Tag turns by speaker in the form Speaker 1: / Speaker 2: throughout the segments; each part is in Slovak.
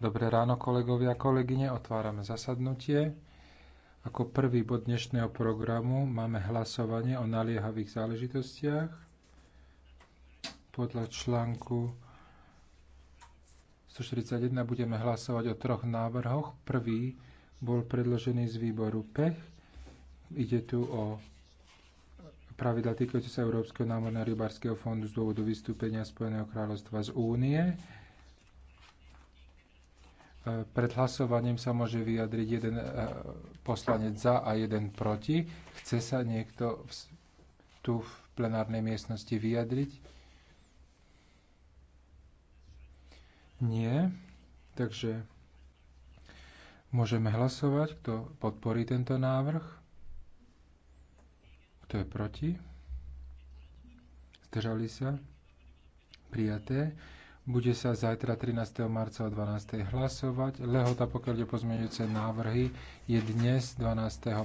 Speaker 1: Dobré ráno, kolegovia a kolegyne. Otvárame zasadnutie. Ako prvý bod dnešného programu máme hlasovanie o naliehavých záležitostiach. Podľa článku 141 budeme hlasovať o troch návrhoch. Prvý bol predložený z výboru PECH. Ide tu o pravidla týkajúce sa Európskeho námorného rybárskeho fondu z dôvodu vystúpenia Spojeného kráľovstva z únie. E, pred hlasovaním sa môže vyjadriť jeden e, poslanec za a jeden proti. Chce sa niekto tu v plenárnej miestnosti vyjadriť? Nie. Takže môžeme hlasovať, kto podporí tento návrh. Kto je proti? Zdržali sa? Prijaté. Bude sa zajtra 13. marca o 12. hlasovať. Lehota, pokiaľ je pozmeňujúce návrhy, je dnes 12.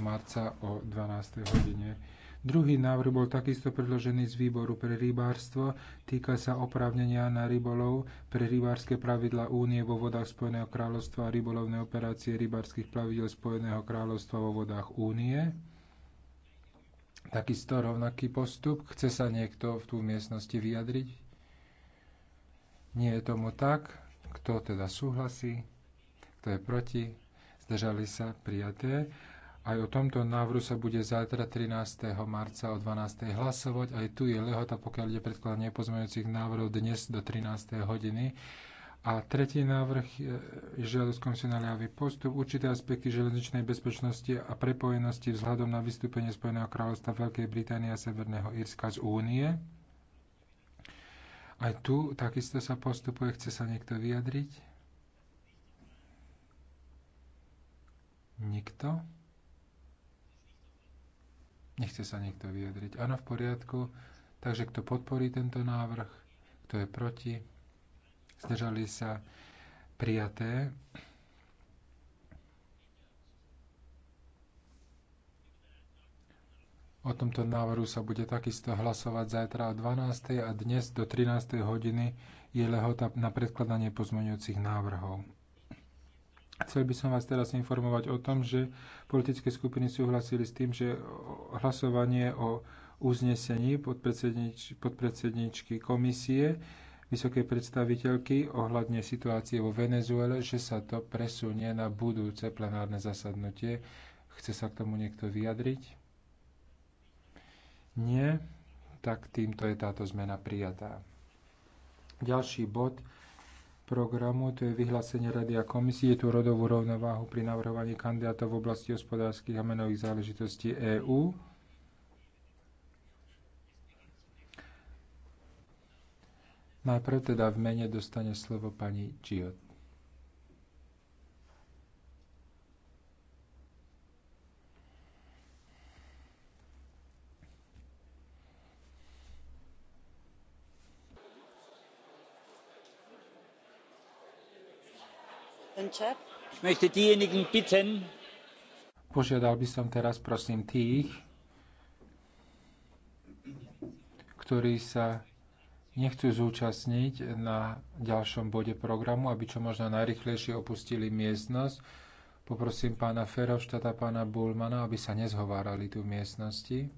Speaker 1: marca o 12. hodine. Druhý návrh bol takisto predložený z výboru pre rybárstvo, týka sa oprávnenia na rybolov pre rybárske pravidla únie vo vodách Spojeného kráľovstva a rybolovné operácie rybárskych pravidel Spojeného kráľovstva vo vodách únie. Takisto rovnaký postup. Chce sa niekto v tú miestnosti vyjadriť? Nie je tomu tak. Kto teda súhlasí? Kto je proti? Zdržali sa prijaté. Aj o tomto návru sa bude zajtra 13. marca o 12. hlasovať. Aj tu je lehota, pokiaľ ide predkladanie pozmeňujúcich návrhov dnes do 13. hodiny. A tretí návrh e, je žiadosť koncesionáriávy postup. Určité aspekty železničnej bezpečnosti a prepojenosti vzhľadom na vystúpenie Spojeného kráľovstva Veľkej Británie a Severného Írska z únie. Aj tu takisto sa postupuje. Chce sa niekto vyjadriť? Nikto? Nechce sa niekto vyjadriť. Áno, v poriadku. Takže kto podporí tento návrh? Kto je proti? zdržali sa prijaté. O tomto návrhu sa bude takisto hlasovať zajtra o 12. a dnes do 13. hodiny je lehota na predkladanie pozmeňujúcich návrhov. Chcel by som vás teraz informovať o tom, že politické skupiny súhlasili s tým, že hlasovanie o uznesení podpredsednič, podpredsedničky komisie vysokej predstaviteľky ohľadne situácie vo Venezuele, že sa to presunie na budúce plenárne zasadnutie. Chce sa k tomu niekto vyjadriť? Nie? Tak týmto je táto zmena prijatá. Ďalší bod programu, to je vyhlásenie Rady a komisie, Je tu rodovú rovnováhu pri navrhovaní kandidátov v oblasti hospodárskych a menových záležitostí EÚ. Najprv teda v mene dostane slovo pani Giot. Požiadal by som teraz prosím tých, ktorí sa nechcú zúčastniť na ďalšom bode programu, aby čo možno najrychlejšie opustili miestnosť. Poprosím pána Ferovštata, pána Bulmana, aby sa nezhovárali tu v miestnosti.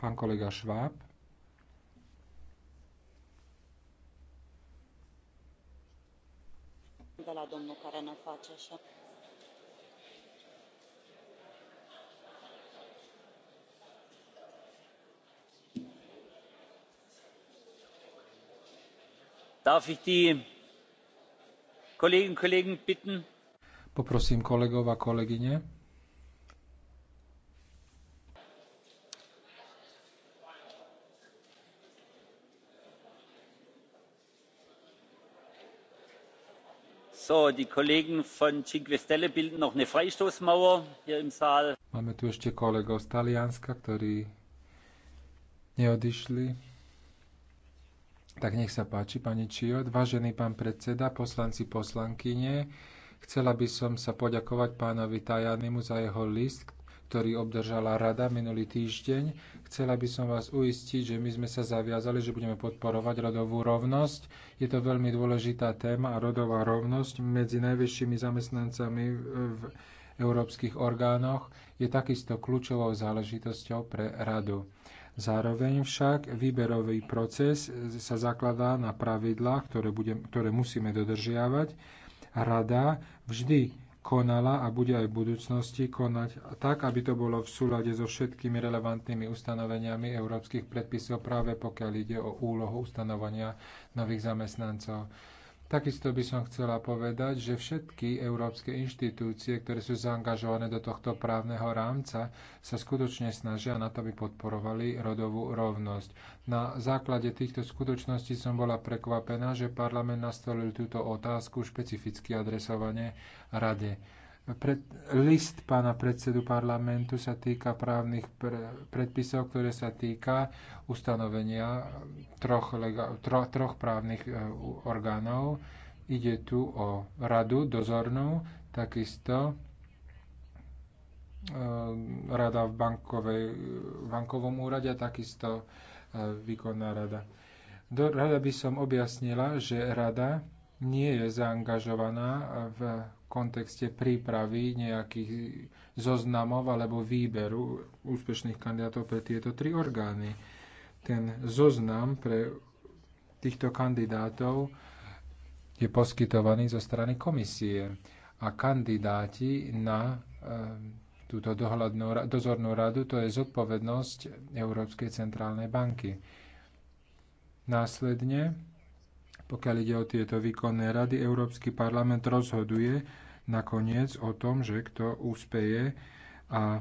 Speaker 1: Pán kolega Schwab.
Speaker 2: de la domnul care ne face așa.
Speaker 3: Darf ich die Kolleginnen und Kollegen bitten?
Speaker 1: Poprosím kolegov a kolegyne, Máme tu ešte kolegov z Talianska, ktorí neodišli. Tak nech sa páči, pani Čiot. Vážený pán predseda, poslanci, poslankyne, chcela by som sa poďakovať pánovi Tajanimu za jeho list, ktorý obdržala Rada minulý týždeň. Chcela by som vás uistiť, že my sme sa zaviazali, že budeme podporovať rodovú rovnosť. Je to veľmi dôležitá téma a rodová rovnosť medzi najväčšími zamestnancami v európskych orgánoch je takisto kľúčovou záležitosťou pre Radu. Zároveň však výberový proces sa zakladá na pravidlách, ktoré, ktoré musíme dodržiavať. Rada vždy konala a bude aj v budúcnosti konať tak, aby to bolo v súlade so všetkými relevantnými ustanoveniami európskych predpisov, práve pokiaľ ide o úlohu ustanovania nových zamestnancov. Takisto by som chcela povedať, že všetky európske inštitúcie, ktoré sú zaangažované do tohto právneho rámca, sa skutočne snažia na to, aby podporovali rodovú rovnosť. Na základe týchto skutočností som bola prekvapená, že parlament nastolil túto otázku špecificky adresovane Rade pred, list pána predsedu parlamentu sa týka právnych pre, predpisov, ktoré sa týka ustanovenia troch, lega, tro, troch právnych e, orgánov. Ide tu o radu dozornú, takisto e, rada v bankovej, bankovom úrade a takisto e, výkonná rada. Do, rada by som objasnila, že rada nie je zaangažovaná v kontexte prípravy nejakých zoznamov alebo výberu úspešných kandidátov pre tieto tri orgány. Ten zoznam pre týchto kandidátov je poskytovaný zo strany komisie a kandidáti na eh, túto dohľadnú, dozornú radu, to je zodpovednosť Európskej centrálnej banky. Následne pokiaľ ide o tieto výkonné rady, Európsky parlament rozhoduje nakoniec o tom, že kto úspeje a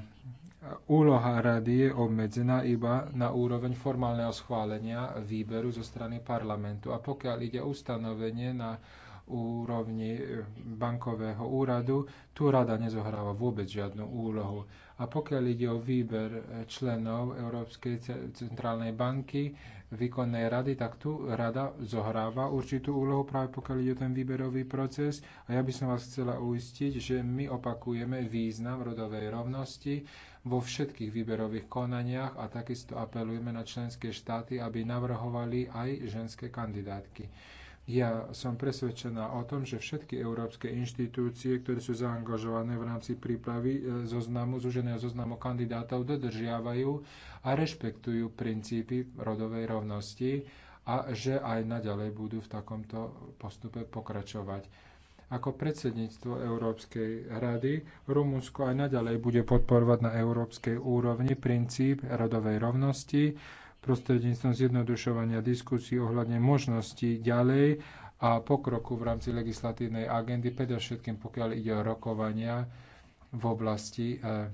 Speaker 1: úloha rady je obmedzená iba na úroveň formálneho schválenia výberu zo strany parlamentu. A pokiaľ ide ustanovenie na úrovni eh, bankového úradu, tu rada nezohráva vôbec žiadnu úlohu. A pokiaľ ide o výber eh, členov Európskej centrálnej banky, výkonnej rady, tak tu rada zohráva určitú úlohu práve pokiaľ ide o ten výberový proces. A ja by som vás chcela uistiť, že my opakujeme význam rodovej rovnosti vo všetkých výberových konaniach a takisto apelujeme na členské štáty, aby navrhovali aj ženské kandidátky. Ja som presvedčená o tom, že všetky európske inštitúcie, ktoré sú zaangažované v rámci prípravy e, zoznamu, zúženého zoznamu kandidátov, dodržiavajú a rešpektujú princípy rodovej rovnosti a že aj naďalej budú v takomto postupe pokračovať. Ako predsedníctvo Európskej rady Rumunsko aj naďalej bude podporovať na európskej úrovni princíp rodovej rovnosti, prostredníctvom zjednodušovania diskusí ohľadne možností ďalej a pokroku v rámci legislatívnej agendy, predovšetkým pokiaľ ide o rokovania v oblasti eh,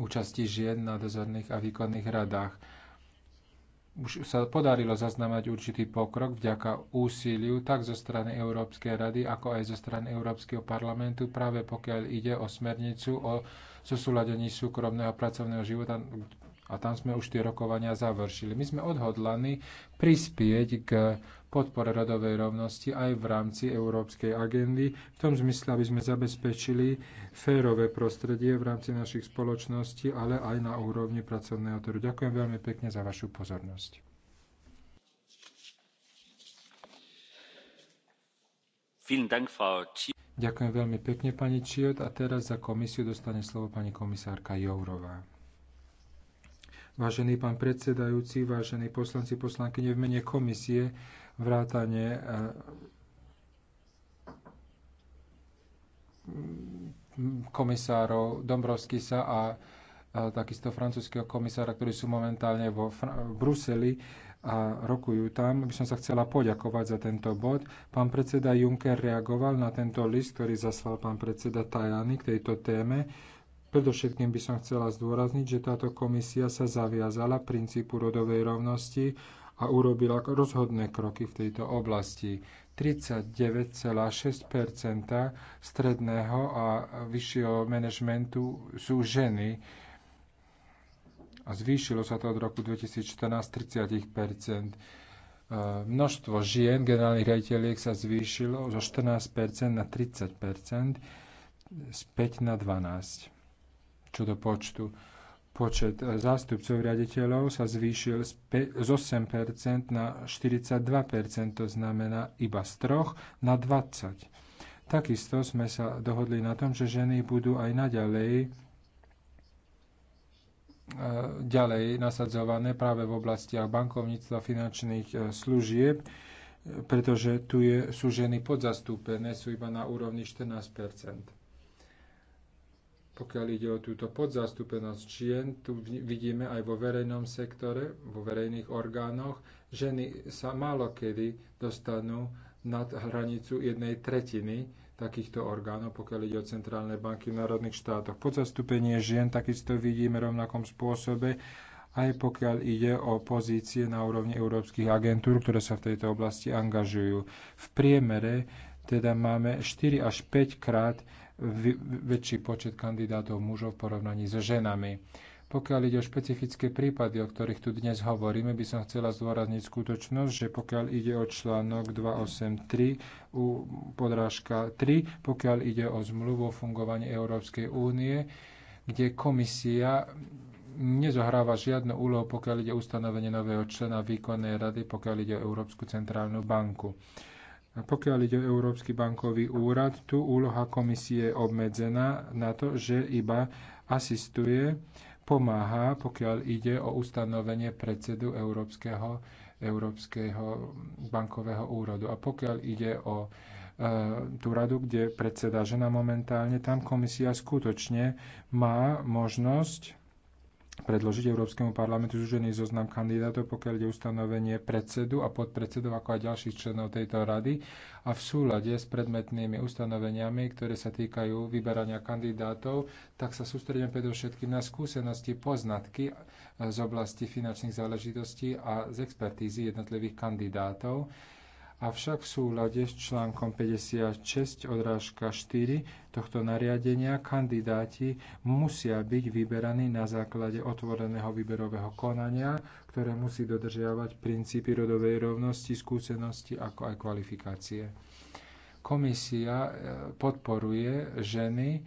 Speaker 1: účasti žien na dozorných a výkonných radách. Už sa podarilo zaznamať určitý pokrok vďaka úsiliu tak zo strany Európskej rady, ako aj zo strany Európskeho parlamentu, práve pokiaľ ide o smernicu o zosúladení súkromného a pracovného života, a tam sme už tie rokovania završili. My sme odhodlaní prispieť k podpore rodovej rovnosti aj v rámci európskej agendy, v tom zmysle, aby sme zabezpečili férové prostredie v rámci našich spoločností, ale aj na úrovni pracovného trhu. Ďakujem veľmi pekne za vašu pozornosť. Ďakujem veľmi pekne, pani Čiot. A teraz za komisiu dostane slovo pani komisárka Jourová. Vážený pán predsedajúci, vážení poslanci, poslanky, v mene komisie vrátane eh, komisárov Dombrovskisa a eh, takisto francúzského komisára, ktorí sú momentálne vo Bruseli a rokujú tam. By som sa chcela poďakovať za tento bod. Pán predseda Juncker reagoval na tento list, ktorý zaslal pán predseda Tajany k tejto téme Predovšetkým by som chcela zdôrazniť, že táto komisia sa zaviazala princípu rodovej rovnosti a urobila rozhodné kroky v tejto oblasti. 39,6 stredného a vyššieho manažmentu sú ženy a zvýšilo sa to od roku 2014 30 e, Množstvo žien, generálnych riaditeľiek sa zvýšilo zo 14 na 30 z 5 na 12 čo do počtu. Počet e, zástupcov riaditeľov sa zvýšil z 8% na 42%, to znamená iba z 3 na 20. Takisto sme sa dohodli na tom, že ženy budú aj naďalej e, ďalej nasadzované práve v oblastiach bankovníctva, finančných e, služieb, pretože tu je, sú ženy podzastúpené, sú iba na úrovni 14 pokiaľ ide o túto podzastúpenosť žien, tu vidíme aj vo verejnom sektore, vo verejných orgánoch, ženy sa málo kedy dostanú nad hranicu jednej tretiny takýchto orgánov, pokiaľ ide o centrálne banky v národných štátoch. Podzastúpenie žien takisto vidíme rovnakom spôsobe, aj pokiaľ ide o pozície na úrovni európskych agentúr, ktoré sa v tejto oblasti angažujú. V priemere teda máme 4 až 5 krát väčší počet kandidátov mužov v porovnaní so ženami. Pokiaľ ide o špecifické prípady, o ktorých tu dnes hovoríme, by som chcela zdôrazniť skutočnosť, že pokiaľ ide o článok 283 u podrážka 3, pokiaľ ide o zmluvu o fungovaní Európskej únie, kde komisia nezohráva žiadnu úlohu, pokiaľ ide o ustanovenie nového člena výkonnej rady, pokiaľ ide o Európsku centrálnu banku. A pokiaľ ide o Európsky bankový úrad, tu úloha komisie je obmedzená na to, že iba asistuje, pomáha, pokiaľ ide o ustanovenie predsedu Európskeho, Európskeho bankového úradu. A pokiaľ ide o e, tú radu, kde predseda žena momentálne, tam komisia skutočne má možnosť predložiť Európskemu parlamentu zúžený zoznam kandidátov, pokiaľ ide ustanovenie predsedu a podpredsedov, ako aj ďalších členov tejto rady a v súlade s predmetnými ustanoveniami, ktoré sa týkajú vyberania kandidátov, tak sa sústredíme predovšetkým na skúsenosti, poznatky z oblasti finančných záležitostí a z expertízy jednotlivých kandidátov avšak v súlade s článkom 56 odrážka 4 tohto nariadenia kandidáti musia byť vyberaní na základe otvoreného výberového konania, ktoré musí dodržiavať princípy rodovej rovnosti, skúsenosti ako aj kvalifikácie. Komisia e, podporuje ženy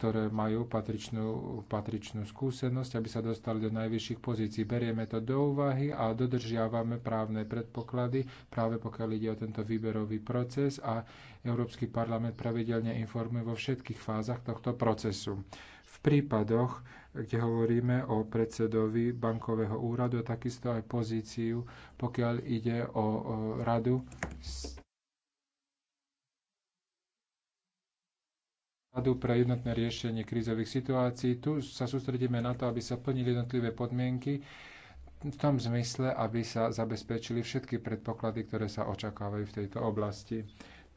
Speaker 1: ktoré majú patričnú, patričnú skúsenosť, aby sa dostali do najvyšších pozícií. Berieme to do úvahy a dodržiavame právne predpoklady, práve pokiaľ ide o tento výberový proces a Európsky parlament pravidelne informuje vo všetkých fázach tohto procesu. V prípadoch, kde hovoríme o predsedovi bankového úradu a takisto aj pozíciu, pokiaľ ide o, o radu, radu pre jednotné riešenie krízových situácií. Tu sa sústredíme na to, aby sa plnili jednotlivé podmienky v tom zmysle, aby sa zabezpečili všetky predpoklady, ktoré sa očakávajú v tejto oblasti.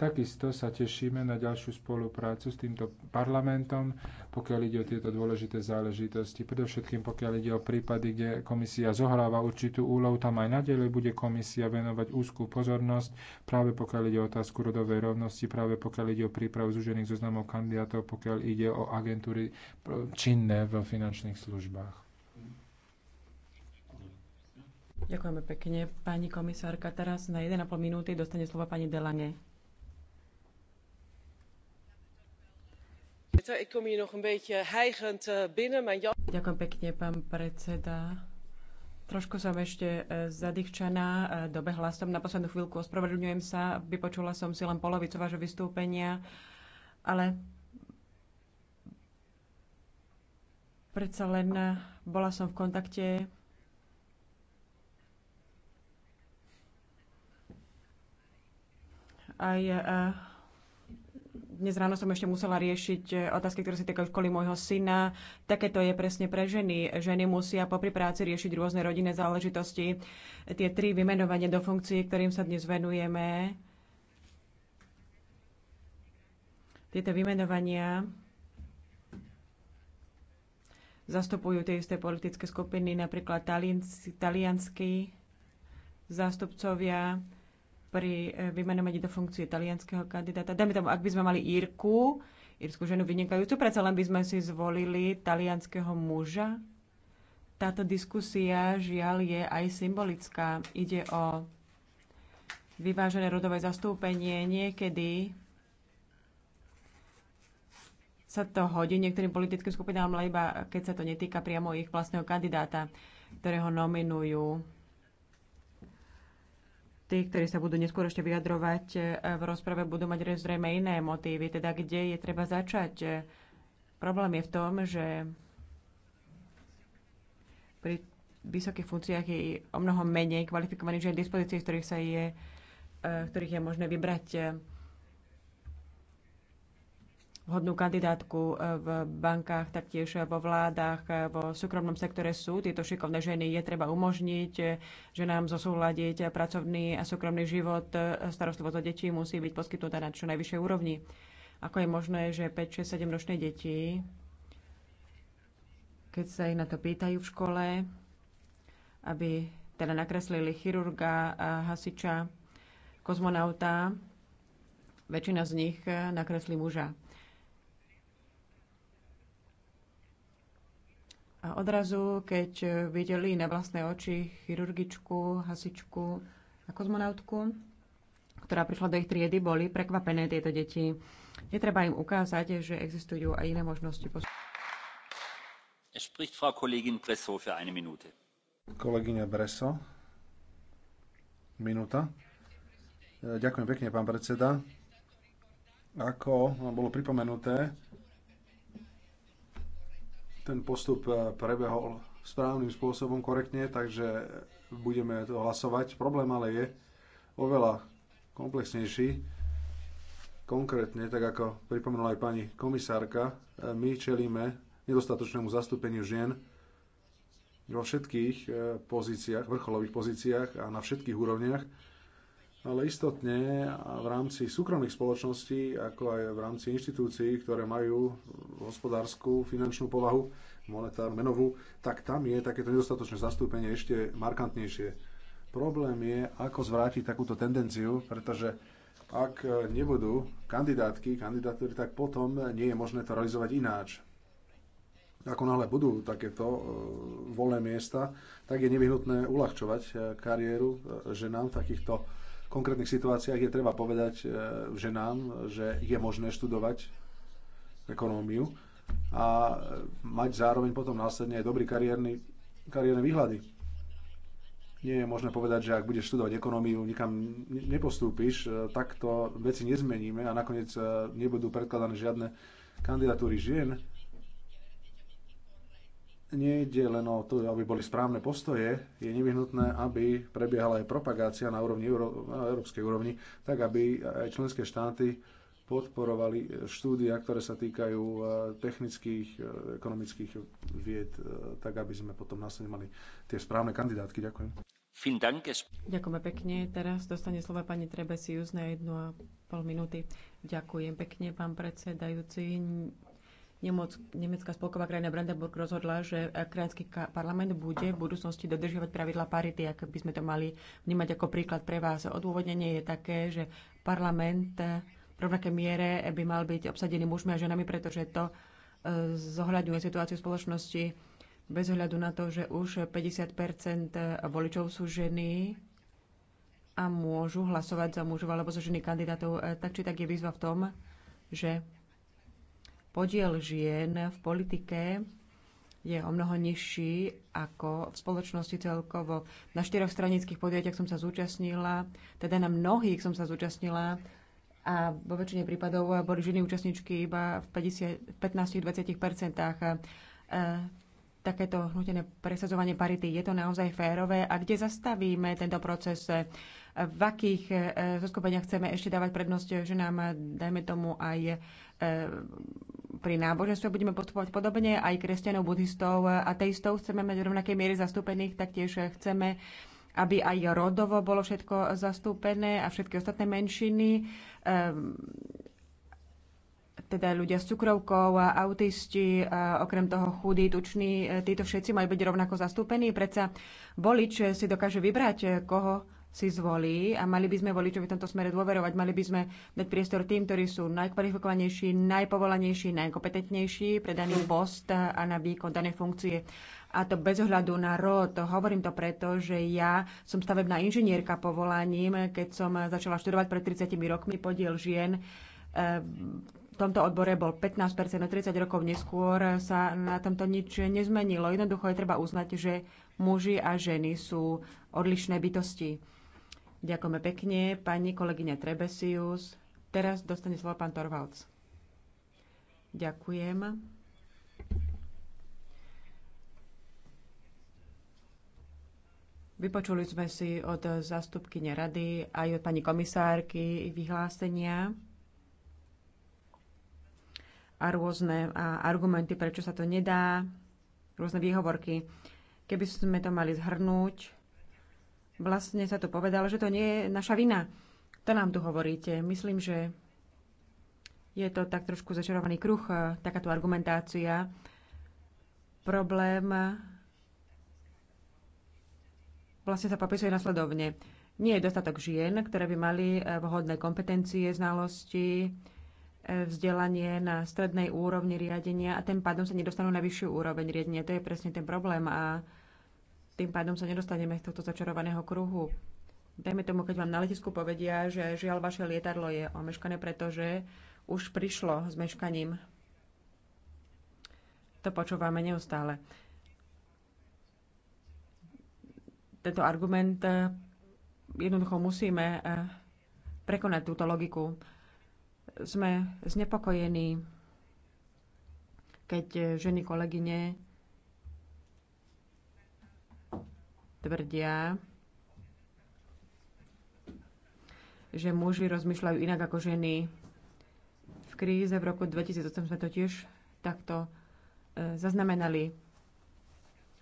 Speaker 1: Takisto sa tešíme na ďalšiu spoluprácu s týmto parlamentom, pokiaľ ide o tieto dôležité záležitosti. Predovšetkým pokiaľ ide o prípady, kde komisia zohráva určitú úlohu, tam aj naďalej bude komisia venovať úzkú pozornosť, práve pokiaľ ide o otázku rodovej rovnosti, práve pokiaľ ide o prípravu zúžených zoznamov kandidátov, pokiaľ ide o agentúry činné v finančných službách.
Speaker 2: Ďakujeme pekne. Pani komisárka, teraz na 1,5 minúty dostane slova pani Delane. Eh, Ďakujem pekne, pán predseda. Trošku som ešte e, zadýchčaná, e, dobehla som na poslednú chvíľku, ospravedlňujem sa, vypočula som si len polovicu vášho vystúpenia, ale predsa len e, bola som v kontakte aj dnes ráno som ešte musela riešiť eh, otázky, ktoré sa týkajú školy môjho syna. Takéto je presne pre ženy. Ženy musia popri práci riešiť rôzne rodinné záležitosti. Tie tri vymenovanie do funkcií, ktorým sa dnes venujeme, tieto vymenovania zastupujú tie isté politické skupiny, napríklad talianskí zástupcovia pri eh, vymenovaní do funkcie talianského kandidáta. Dajme tomu, ak by sme mali Írku, írsku ženu vynikajúcu, predsa len by sme si zvolili talianského muža. Táto diskusia, žiaľ, je aj symbolická. Ide o vyvážené rodové zastúpenie. Niekedy sa to hodí niektorým politickým skupinám, ale iba keď sa to netýka priamo ich vlastného kandidáta, ktorého nominujú tí, ktorí sa budú neskôr ešte vyjadrovať e, v rozprave, budú mať zrejme iné motívy, teda kde je treba začať. E, problém je v tom, že pri vysokých funkciách je o mnoho menej kvalifikovaných je dispozícií, z ktorých sa je, e, ktorých je možné vybrať vhodnú kandidátku eh, v bankách, taktiež eh, vo vládach, eh, vo súkromnom sektore sú. Tieto šikovné ženy je treba umožniť, že nám zosúhľadiť pracovný a súkromný život. Starostlivosť o detí musí byť poskytnutá na čo najvyššej úrovni. Ako je možné, že 5, 6, 7 ročné deti, keď sa ich na to pýtajú v škole, aby teda nakreslili chirurga, hasiča, kozmonauta, väčšina z nich nakreslí muža. A odrazu, keď e, videli na vlastné oči chirurgičku, hasičku a kozmonautku, ktorá prišla do ich triedy, boli prekvapené tieto deti. Netreba im ukázať, že existujú aj iné možnosti. Kolegyňa Breso, minúta.
Speaker 4: E, ďakujem pekne, pán predseda. Ako bolo pripomenuté, ten postup e, prebehol správnym spôsobom, korektne, takže budeme to hlasovať. Problém ale je oveľa komplexnejší. Konkrétne, tak ako pripomenula aj pani komisárka, e, my čelíme nedostatočnému zastúpeniu žien vo všetkých e, pozíciách, vrcholových pozíciách a na všetkých úrovniach ale istotne v rámci súkromných spoločností, ako aj v rámci inštitúcií, ktoré majú hospodárskú, finančnú povahu, monetár, menovú, tak tam je takéto nedostatočné zastúpenie ešte markantnejšie. Problém je, ako zvrátiť takúto tendenciu, pretože ak nebudú kandidátky, kandidatúry, tak potom nie je možné to realizovať ináč. Ako náhle budú takéto e, voľné miesta, tak je nevyhnutné uľahčovať e, kariéru e, ženám v takýchto konkrétnych situáciách je treba povedať e, ženám, že je možné študovať ekonómiu a mať zároveň potom následne aj dobrý kariérny, kariérne výhľady. Nie je možné povedať, že ak budeš študovať ekonómiu, nikam nepostúpiš, e, takto veci nezmeníme a nakoniec e, nebudú predkladané žiadne kandidatúry žien nejde len o to, aby boli správne postoje, je nevyhnutné, aby prebiehala aj propagácia na, úrovni, na európskej úrovni, tak aby aj členské štáty podporovali štúdia, ktoré sa týkajú e, technických, e, ekonomických vied, e, tak aby sme potom následne mali tie správne kandidátky. Ďakujem.
Speaker 2: Ďakujeme pekne. Teraz dostane slova pani Trebesius na jednu a pol minúty. Ďakujem pekne, pán predsedajúci. Nemoc, Nemecká spolková krajina Brandenburg rozhodla, že e, krajinský parlament bude v budúcnosti dodržiavať pravidla parity, ak by sme to mali vnímať ako príklad pre vás. Odôvodnenie je také, že parlament e, v rovnaké miere by mal byť obsadený mužmi a ženami, pretože to e, zohľadňuje situáciu spoločnosti bez ohľadu na to, že už 50 voličov sú ženy a môžu hlasovať za mužov alebo za ženy kandidátov. Tak či tak je výzva v tom, že podiel žien v politike je o mnoho nižší ako v spoločnosti celkovo. Na štyroch stranických podujatiach som sa zúčastnila, teda na mnohých som sa zúčastnila a vo väčšine prípadov boli ženy účastničky iba v 15-20%. E, takéto hnutené presadzovanie parity, je to naozaj férové? A kde zastavíme tento proces? V akých e, zoskupeniach chceme ešte dávať prednosť ženám, dajme tomu aj e, pri náboženstve budeme postupovať podobne, aj kresťanov, buddhistov, ateistov chceme mať v rovnakej miery zastúpených, taktiež chceme aby aj rodovo bolo všetko zastúpené a všetky ostatné menšiny, ehm, teda ľudia s cukrovkou, autisti, okrem toho chudí, tuční, e, títo všetci majú byť rovnako zastúpení. Predsa volič si dokáže vybrať, e, koho si zvolí a mali by sme voličovi v tomto smere dôverovať. Mali by sme dať priestor tým, ktorí sú najkvalifikovanejší, najpovolanejší, najkompetentnejší pre daný post a na výkon danej funkcie. A to bez ohľadu na rod. Hovorím to preto, že ja som stavebná inžinierka povolaním, keď som začala študovať pred 30 rokmi podiel žien v tomto odbore bol 15%, no 30 rokov neskôr sa na tomto nič nezmenilo. Jednoducho je treba uznať, že muži a ženy sú odlišné bytosti. Ďakujeme pekne, pani kolegyňa Trebesius. Teraz dostane slovo pán Torvalds. Ďakujem. Vypočuli sme si od zastupkyne rady aj od pani komisárky vyhlásenia a rôzne argumenty, prečo sa to nedá, rôzne výhovorky. Keby sme to mali zhrnúť, vlastne sa tu povedalo, že to nie je naša vina. To nám tu hovoríte. Myslím, že je to tak trošku začarovaný kruh, e, takáto argumentácia. Problém vlastne sa popisuje nasledovne. Nie je dostatok žien, ktoré by mali e, vhodné kompetencie, znalosti, e, vzdelanie na strednej úrovni riadenia a tým pádom sa nedostanú na vyššiu úroveň riadenia. To je presne ten problém a tým pádom sa nedostaneme z tohto začarovaného kruhu. Dajme tomu, keď vám na letisku povedia, že žiaľ vaše lietadlo je omeškané, pretože už prišlo s meškaním. To počúvame neustále. Tento argument eh, jednoducho musíme eh, prekonať túto logiku. Sme znepokojení, keď eh, ženy kolegyne tvrdia, že muži rozmýšľajú inak ako ženy. V kríze v roku 2008 sme to tiež takto e, zaznamenali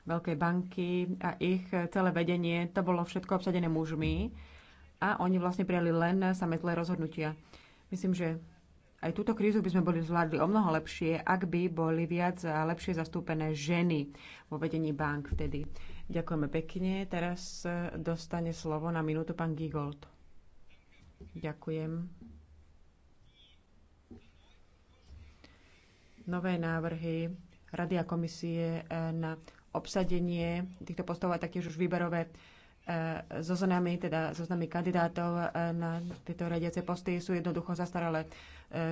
Speaker 2: veľké banky a ich celé vedenie, to bolo všetko obsadené mužmi a oni vlastne prijali len sametlé rozhodnutia. Myslím, že aj túto krízu by sme boli zvládli o mnoho lepšie, ak by boli viac a lepšie zastúpené ženy vo vedení bank vtedy. Ďakujeme pekne. Teraz e, dostane slovo na minútu pán Gigold. Ďakujem. Nové návrhy Rady a komisie e, na obsadenie týchto postov a taktiež už výberové e, zoznamy, teda zoznamy kandidátov na tieto radiace posty sú jednoducho zastaralé.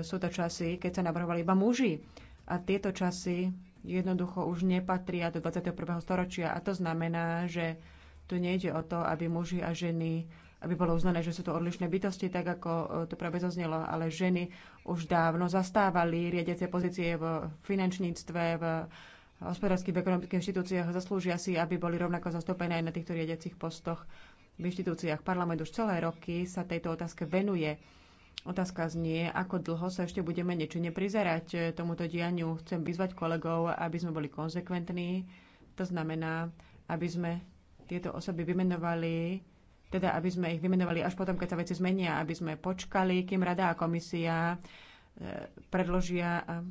Speaker 2: Sú to časy, keď sa navrhovali iba muži. A tieto časy jednoducho už nepatria do 21. storočia. A to znamená, že tu nejde o to, aby muži a ženy aby bolo uznané, že sú to odlišné bytosti, tak ako e, to práve zaznelo, ale ženy už dávno zastávali riadiace pozície v finančníctve, v hospodárskych, v ekonomických inštitúciách, zaslúžia si, aby boli rovnako zastúpené aj na týchto riadiacich postoch v inštitúciách. Parlament už celé roky sa tejto otázke venuje Otázka znie, ako dlho sa ešte budeme niečo neprizerať eh, tomuto dianiu. Chcem vyzvať kolegov, aby sme boli konzekventní. To znamená, aby sme tieto osoby vymenovali, teda aby sme ich vymenovali až potom, keď sa veci zmenia, aby sme počkali, kým rada a komisia eh, predložia eh,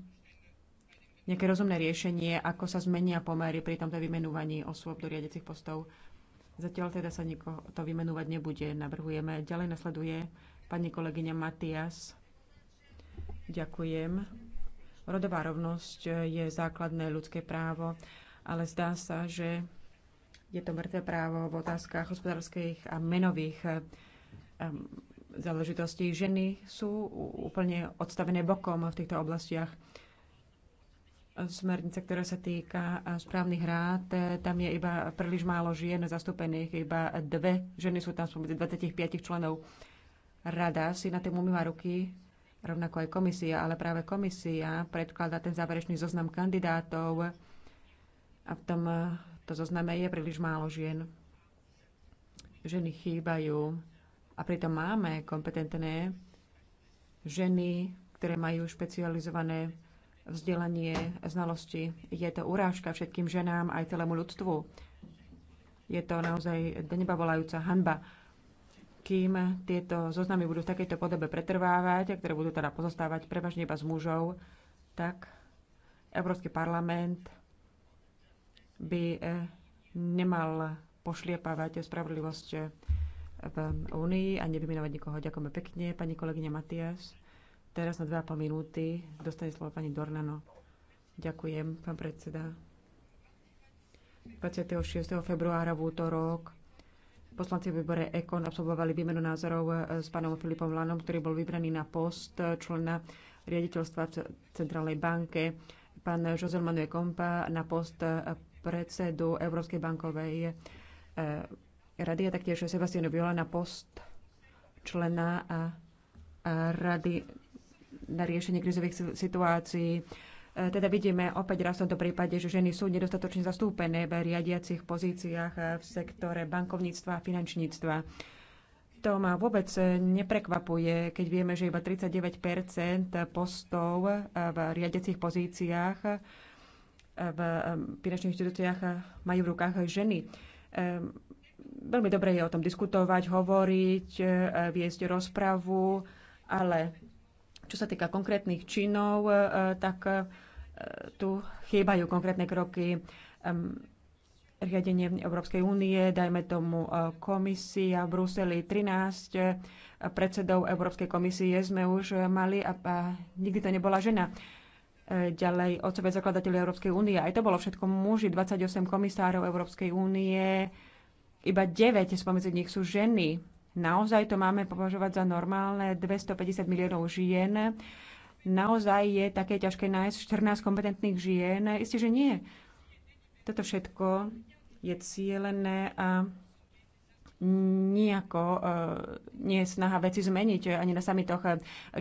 Speaker 2: nejaké rozumné riešenie, ako sa zmenia pomery pri tomto vymenovaní osôb do riadecich postov. Zatiaľ teda sa nikoho to vymenovať nebude. Navrhujeme. Ďalej nasleduje Pani kolegyňa Matias, ďakujem. Rodová rovnosť eh, je základné ľudské právo, ale zdá sa, že je to mŕtve právo v otázkach hospodárskych a menových eh, záležitostí. Ženy sú úplne odstavené bokom v týchto oblastiach. Smernica, ktorá sa týka eh, správnych rád, tam je iba príliš málo žien zastúpených, iba dve ženy sú tam spomedzi 25 členov. Rada si na tým umýva ruky, rovnako aj komisia, ale práve komisia predkladá ten záverečný zoznam kandidátov a v tom eh, to zozname je príliš málo žien. Ženy chýbajú a pritom máme kompetentné ženy, ktoré majú špecializované vzdelanie, znalosti. Je to urážka všetkým ženám aj celému ľudstvu. Je to naozaj do hanba kým tieto zoznamy budú v takejto podobe pretrvávať, a ktoré budú teda pozostávať prevažne iba z mužov, tak Európsky parlament by eh, nemal pošliepávať spravodlivosť eh, v Únii a nevymenovať nikoho. Ďakujeme pekne, pani kolegyňa Matias. Teraz na 2,5 minúty dostane slovo pani Dornano. Ďakujem, pán predseda. 26. februára v útorok Poslanci v výbore EKON absolvovali výmenu názorov e, s pánom Filipom Lanom, ktorý bol vybraný na post člena riaditeľstva v Centrálnej banke. Pán José Manuel Kompa na post predsedu Európskej bankovej e, rady a taktiež Sebastian Viola na post člena rady na riešenie krizových situácií. E, teda vidíme opäť raz v tomto prípade, že ženy sú nedostatočne zastúpené v riadiacich pozíciách e, v sektore bankovníctva a finančníctva. To ma vôbec neprekvapuje, keď vieme, že iba 39 postov e, v riadiacich pozíciách v finančných inštitúciách majú v rukách ženy. Veľmi dobre je o tom diskutovať, hovoriť, viesť rozpravu, ale čo sa týka konkrétnych činov, tak tu chýbajú konkrétne kroky riadenie Európskej únie, dajme tomu e, komisia v Bruseli 13 e, predsedov Európskej komisie sme už mali a, a nikdy to nebola žena. E, ďalej od zakladateľi Európskej únie. Aj to bolo všetko muži, 28 komisárov Európskej únie, iba 9 spomedzi nich sú ženy. Naozaj to máme považovať za normálne. 250 miliónov žien naozaj je také ťažké nájsť 14 kompetentných žien? Isté, že nie. Toto všetko je cieľené a nejako e, nie je snaha veci zmeniť e, ani na samitoch. E,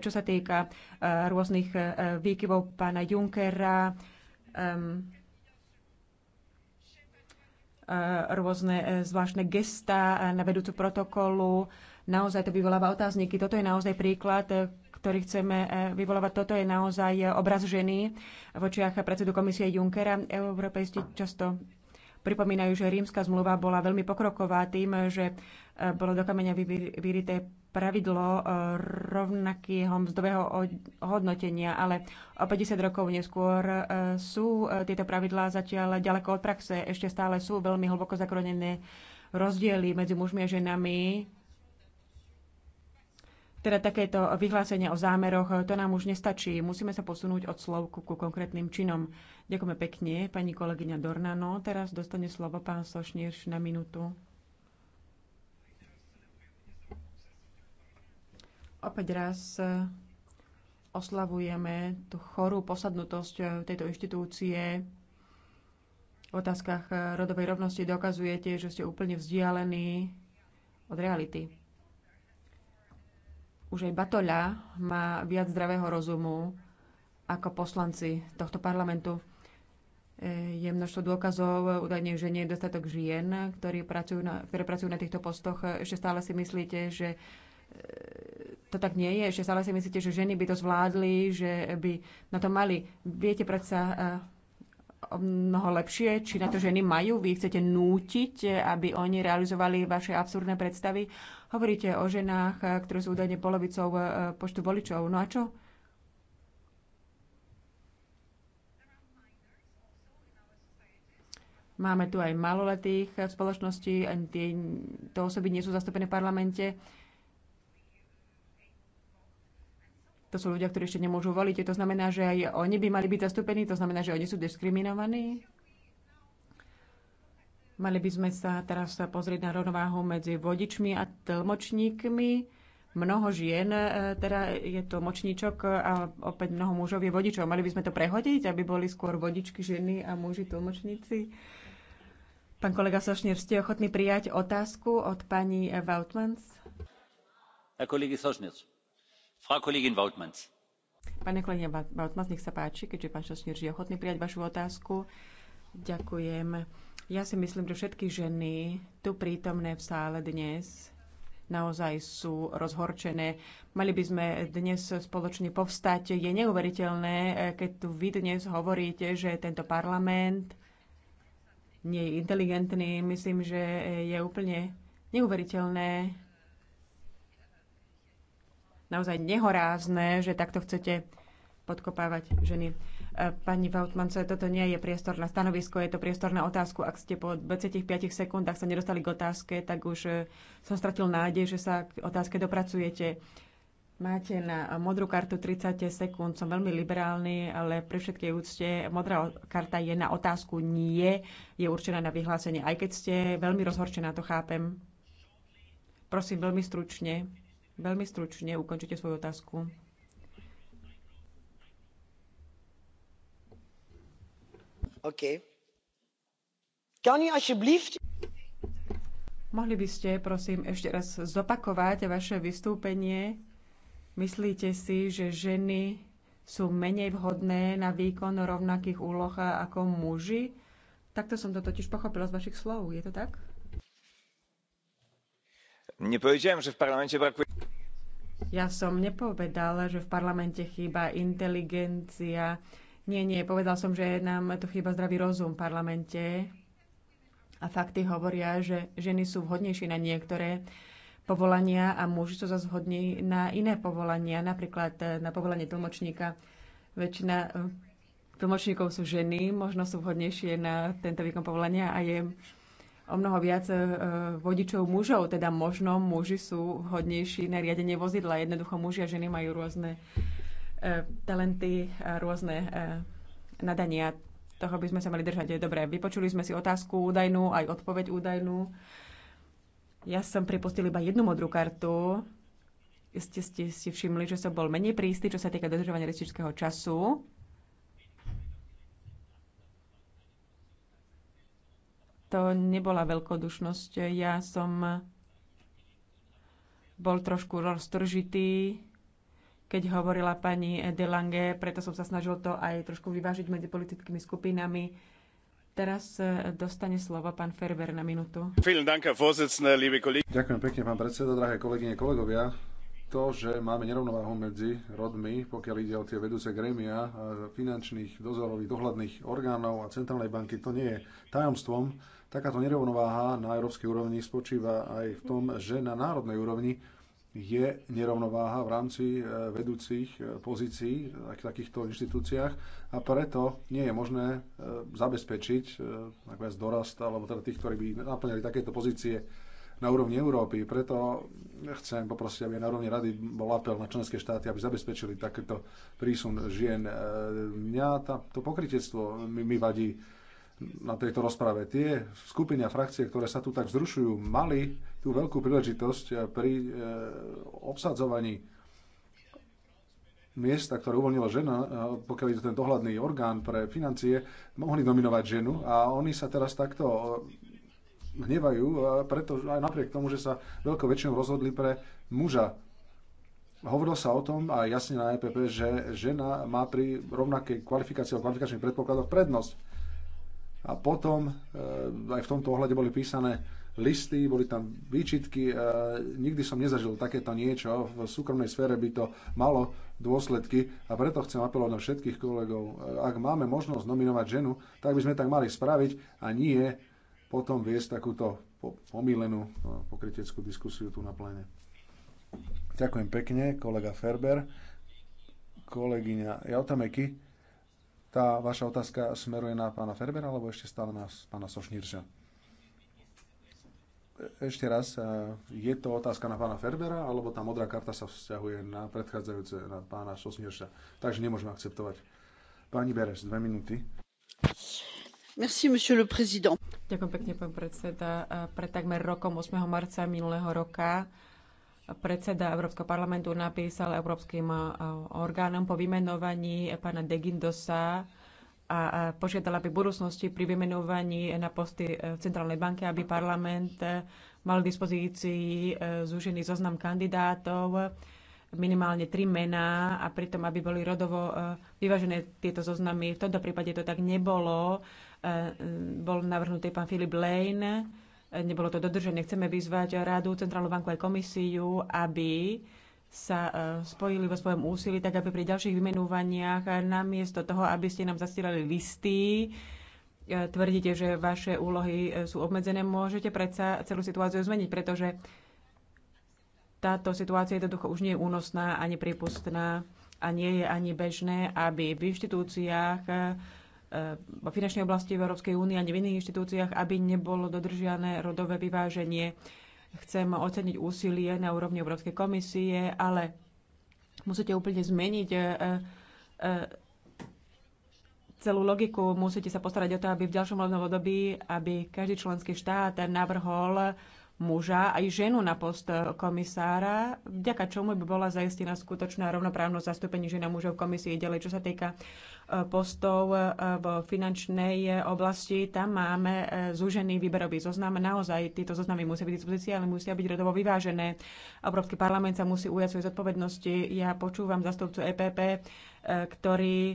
Speaker 2: čo sa týka rôznych výkyvov pána Junkera, rôzne zvláštne gesta na vedúcu protokolu. Naozaj to vyvoláva otázniky. Toto je naozaj príklad, ktorý chceme e, vyvolovať. Toto je naozaj obraz ženy v očiach predsedu komisie Junckera. Európejsti často pripomínajú, že rímska zmluva bola veľmi pokroková tým, že e, bolo do kameňa vyrité pravidlo e, rovnakého mzdového hodnotenia, ale o 50 rokov neskôr sú tieto pravidlá zatiaľ ďaleko od praxe, ešte stále sú veľmi hlboko zakronené rozdiely medzi mužmi a ženami teda takéto vyhlásenie o zámeroch, to nám už nestačí. Musíme sa posunúť od slov ku, ku konkrétnym činom. Ďakujeme pekne, pani kolegyňa Dornano. Teraz dostane slovo pán Sošnierš na minútu. Opäť raz eh, oslavujeme tú chorú posadnutosť eh, tejto inštitúcie. V otázkach eh, rodovej rovnosti dokazujete, že ste úplne vzdialení od reality. Už aj Batoľa má viac zdravého rozumu ako poslanci tohto parlamentu. E, je množstvo dôkazov, údajne, že nie je dostatok žien, ktorí pracujú na, ktoré pracujú na týchto postoch. Ešte stále si myslíte, že e, to tak nie je? Ešte stále si myslíte, že ženy by to zvládli, že by na to mali? Viete predsa e, mnoho lepšie, či na to ženy majú. Vy chcete nútiť, aby oni realizovali vaše absurdné predstavy. Hovoríte o ženách, ktoré sú údajne polovicou eh, počtu voličov. No a čo? Máme tu aj maloletých v spoločnosti, tie, to osoby nie sú zastúpené v parlamente. To sú ľudia, ktorí ešte nemôžu voliť. To znamená, že aj oni by mali byť zastúpení, to znamená, že oni sú diskriminovaní. Mali by sme sa teraz pozrieť na rovnováhu medzi vodičmi a tlmočníkmi. Mnoho žien, e, teda je to močníčok a opäť mnoho mužov je vodičov. Mali by sme to prehodiť, aby boli skôr vodičky ženy a muži tlmočníci. Pán kolega Sošnier, ste ochotní prijať otázku od pani Vautmans?
Speaker 3: Pán Kollege Sošnier. Pani
Speaker 2: kolegyňa wortmann nech sa páči, keďže pán Šošnír je ochotný prijať vašu otázku. Ďakujem. Ja si myslím, že všetky ženy tu prítomné v sále dnes naozaj sú rozhorčené. Mali by sme dnes spoločne povstať. Je neuveriteľné, keď tu vy dnes hovoríte, že tento parlament nie je inteligentný. Myslím, že je úplne neuveriteľné, naozaj nehorázne, že takto chcete podkopávať ženy. E, pani Vautmance, toto nie je priestor na stanovisko, je to priestor na otázku. Ak ste po 25 sekundách sa nedostali k otázke, tak už e, som stratil nádej, že sa k otázke dopracujete. Máte na modrú kartu 30 sekúnd, som veľmi liberálny, ale pre všetkej úcte modrá karta je na otázku nie, je určená na vyhlásenie. Aj keď ste veľmi rozhorčená, to chápem. Prosím, veľmi stručne veľmi stručne ukončite svoju otázku. OK. Mohli by ste, prosím, ešte raz zopakovať vaše vystúpenie? Myslíte si, že ženy sú menej vhodné na výkon rovnakých úloh ako muži? Takto som to totiž pochopila z vašich slov. Je to tak?
Speaker 3: Nie powiedziałem, że w brakuje...
Speaker 2: Ja som nepovedala, že v parlamente chýba inteligencia. Nie, nie, povedal som, že nám to chýba zdravý rozum v parlamente. A fakty hovoria, že ženy sú vhodnejšie na niektoré povolania a muži sú zase vhodní na iné povolania, napríklad eh, na povolanie tlmočníka. Väčšina eh, tlmočníkov sú ženy, možno sú vhodnejšie na tento výkon povolania a je o mnoho viac e, vodičov mužov, teda možno muži sú hodnejší na riadenie vozidla. Jednoducho muži a ženy majú rôzne e, talenty, rôzne e, nadania. Toho by sme sa mali držať. Dobre, vypočuli sme si otázku údajnú, aj odpoveď údajnú. Ja som pripustil iba jednu modrú kartu. Ste, ste si všimli, že som bol menej prísty, čo sa týka dodržovania rističského času. to nebola veľkodušnosť. Ja som bol trošku roztržitý, keď hovorila pani Delange, preto som sa snažil to aj trošku vyvážiť medzi politickými skupinami. Teraz e, dostane slovo pán Ferber na minútu.
Speaker 4: Ďakujem pekne, pán predseda, drahé kolegyne, kolegovia to, že máme nerovnováhu medzi rodmi, pokiaľ ide o tie vedúce gremia finančných, dozorových, dohľadných orgánov a centrálnej banky, to nie je tajomstvom. Takáto nerovnováha na európskej úrovni spočíva aj v tom, že na národnej úrovni je nerovnováha v rámci e, vedúcich e, pozícií v takýchto inštitúciách a preto nie je možné e, zabezpečiť dorast alebo teda tých, ktorí by naplňali takéto pozície na úrovni Európy. Preto chcem poprosiť, aby na úrovni rady bol apel na členské štáty, aby zabezpečili takýto prísun žien. E, mňa tá, to pokrytectvo mi, mi vadí na tejto rozprave. Tie skupiny a frakcie, ktoré sa tu tak vzrušujú, mali tú veľkú príležitosť pri e, obsadzovaní miesta, ktoré uvoľnila žena, e, pokiaľ ide ten dohľadný orgán pre financie, mohli nominovať ženu a oni sa teraz takto hnevajú, preto aj napriek tomu, že sa veľkou väčšinou rozhodli pre muža. Hovorilo sa o tom a jasne na EPP, že žena má pri rovnakej kvalifikácii a kvalifikačných predpokladoch prednosť. A potom e, aj v tomto ohľade boli písané listy, boli tam výčitky. E, nikdy som nezažil takéto niečo. V súkromnej sfére by to malo dôsledky a preto chcem apelovať na všetkých kolegov. E, ak máme možnosť nominovať ženu, tak by sme tak mali spraviť a nie potom viesť takúto pomílenú no, pokriteckú diskusiu tu na pléne. Ďakujem pekne, kolega Ferber. Kolegyňa Jautameky, tá vaša otázka smeruje na pána Ferbera alebo ešte stále na pána Sošnírša? Ešte raz, e, je to otázka na pána Ferbera, alebo tá modrá karta sa vzťahuje na predchádzajúce, na pána Sosnírša. Takže nemôžeme akceptovať. Pani Bereš, dve minúty
Speaker 2: monsieur le président. Ďakujem pekne, pán predseda. Pred takmer rokom 8. marca minulého roka predseda Európskeho parlamentu napísal európskym orgánom po vymenovaní pána Degindosa a požiadala by v budúcnosti pri vymenovaní na posty e, v Centrálnej banke, aby parlament e, mal v dispozícii e, zúžený zoznam kandidátov, minimálne tri mená a pritom, aby boli rodovo vyvážené tieto zoznamy. V tomto prípade to tak nebolo. E, bol navrhnutý pán Filip Lane. Nebolo to dodržené. Chceme vyzvať Radu, Centrálnu banku aj komisiu, aby sa e, spojili vo svojom úsilí, tak aby pri ďalších vymenúvaniach e, namiesto toho, aby ste nám zastierali listy, tvrdíte, že vaše úlohy sú obmedzené, môžete predsa celú situáciu zmeniť, pretože táto situácia jednoducho už nie je únosná ani prípustná a nie je ani bežné, aby v inštitúciách vo e, finančnej oblasti v Európskej únii a v iných inštitúciách, aby nebolo dodržiané rodové vyváženie. Chcem oceniť úsilie na úrovni Európskej komisie, ale musíte úplne zmeniť e, e, celú logiku. Musíte sa postarať o to, aby v ďalšom volebnom období, aby každý členský štát navrhol muža aj ženu na post komisára, vďaka čomu by bola zaistená skutočná rovnoprávnosť zastúpení žena mužov v komisii ďalej. Čo sa týka e, postov e, v finančnej oblasti, tam máme e, zúžený výberový zoznam. Naozaj tieto zoznamy musia byť dispozície, ale musia byť rodovo vyvážené. Európsky parlament sa musí ujať svoje zodpovednosti. Ja počúvam zastupcu EPP, ktorý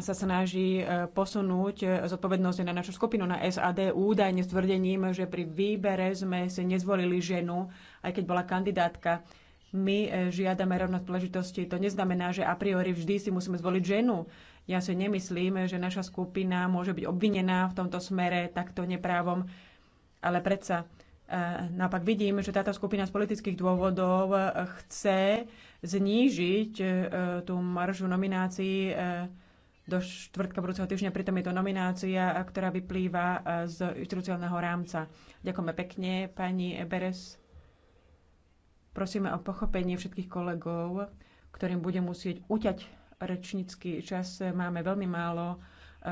Speaker 2: sa snaží e, posunúť e, zodpovednosť na našu skupinu, na SAD, údajne s tvrdením, že pri výbere sme si nezvolili ženu, aj keď bola kandidátka. My e, žiadame rovnosť príležitosti. To neznamená, že a priori vždy si musíme zvoliť ženu. Ja si nemyslím, že naša skupina môže byť obvinená v tomto smere takto neprávom, ale predsa Naopak vidím, že táto skupina z politických dôvodov chce znížiť tú maržu nominácií do štvrtka budúceho týždňa. Pritom je to nominácia, ktorá vyplýva z inštitucionálneho rámca. Ďakujeme pekne, pani Eberes. Prosíme o pochopenie všetkých kolegov, ktorým budem musieť uťať rečnícky čas. Máme veľmi málo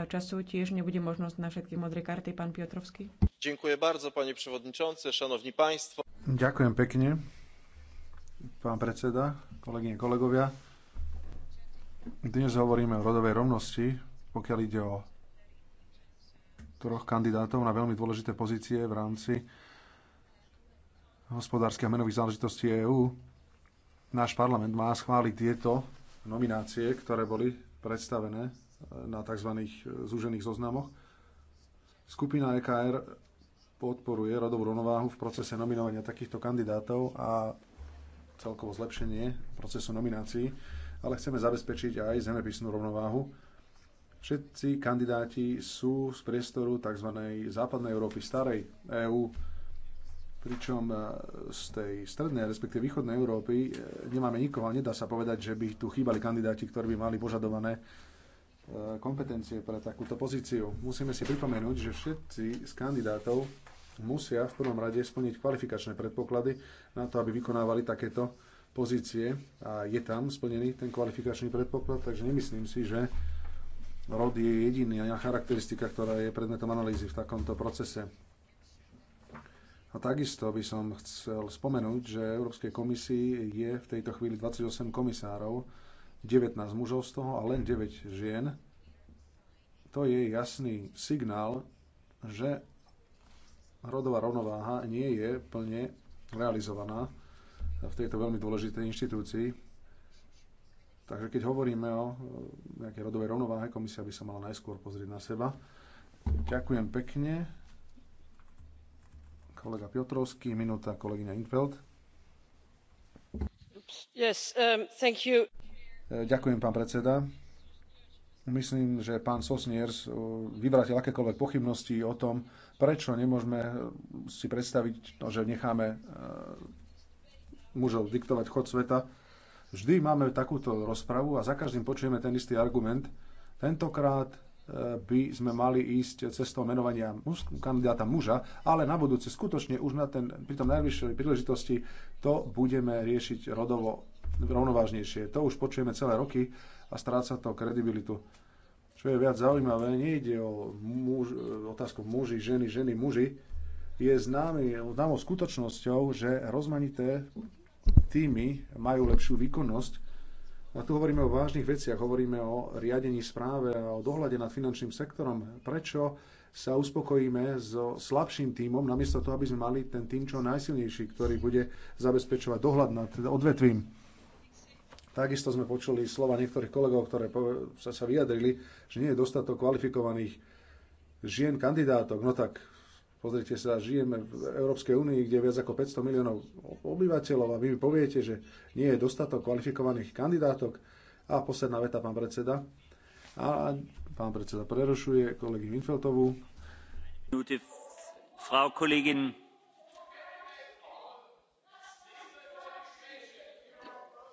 Speaker 2: času, Tiež nebude možnosť na všetky modré karty. Pán Piotrovský.
Speaker 4: Ďakujem bardzo, pani przewodniczący, szanowni państwo. Ďakujem pekne, pán predseda, kolegyne, kolegovia. Dnes hovoríme o rodovej rovnosti, pokiaľ ide o troch kandidátov na veľmi dôležité pozície v rámci hospodárskych a menových záležitostí EÚ. Náš parlament má schváliť tieto nominácie, ktoré boli predstavené e, na tzv. E, zúžených zoznamoch. Skupina EKR podporuje rodovú rovnováhu v procese nominovania takýchto kandidátov a celkovo zlepšenie procesu nominácií ale chceme zabezpečiť aj zemepisnú rovnováhu. Všetci kandidáti sú z priestoru tzv. západnej Európy, starej EÚ, pričom e, z tej strednej, respektíve východnej Európy e, nemáme nikoho a nedá sa povedať, že by tu chýbali kandidáti, ktorí by mali požadované e, kompetencie pre takúto pozíciu. Musíme si pripomenúť, že všetci z kandidátov musia v prvom rade splniť kvalifikačné predpoklady na to, aby vykonávali takéto pozície a je tam splnený ten kvalifikačný predpoklad, takže nemyslím si, že rod je jediná charakteristika, ktorá je predmetom analýzy v takomto procese. A takisto by som chcel spomenúť, že Európskej komisii je v tejto chvíli 28 komisárov, 19 mužov z toho a len 9 žien. To je jasný signál, že rodová rovnováha nie je plne realizovaná v tejto veľmi dôležitej inštitúcii. Takže keď hovoríme o nejakej rodovej rovnováhe, komisia by sa mala najskôr pozrieť na seba. Ďakujem pekne. Kolega Piotrovský, minúta kolegyňa Infeld.
Speaker 1: Yes, um, thank you.
Speaker 4: E, ďakujem, pán predseda. Myslím, že pán Sosniers e, vyvratil akékoľvek pochybnosti o tom, prečo nemôžeme si predstaviť to, že necháme e, mužov diktovať chod sveta. Vždy máme takúto rozpravu a za každým počujeme ten istý argument. Tentokrát e, by sme mali ísť cestou menovania muž, kandidáta muža, ale na budúce skutočne už na ten, pri tom najvyššej príležitosti to budeme riešiť rodovo rovnovážnejšie. To už počujeme celé roky a stráca to kredibilitu. Čo je viac zaujímavé, nejde o muž, e, otázku muži, ženy, ženy, muži. Je známy, známou skutočnosťou, že rozmanité týmy majú lepšiu výkonnosť. A tu hovoríme o vážnych veciach, hovoríme o riadení správe a o dohľade nad finančným sektorom. Prečo sa uspokojíme so slabším týmom, namiesto toho, aby sme mali ten tým čo najsilnejší, ktorý bude zabezpečovať dohľad nad odvetvím? Takisto sme počuli slova niektorých kolegov, ktoré sa vyjadrili, že nie je dostatok kvalifikovaných žien kandidátok. No tak Pozrite sa, žijeme v Európskej únii, kde je viac ako 500 miliónov obyvateľov a vy mi poviete, že nie je dostatok kvalifikovaných kandidátok. A posledná veta, pán predseda. A pán predseda prerušuje kolegy Winfeltovú.
Speaker 3: Frau Kollegin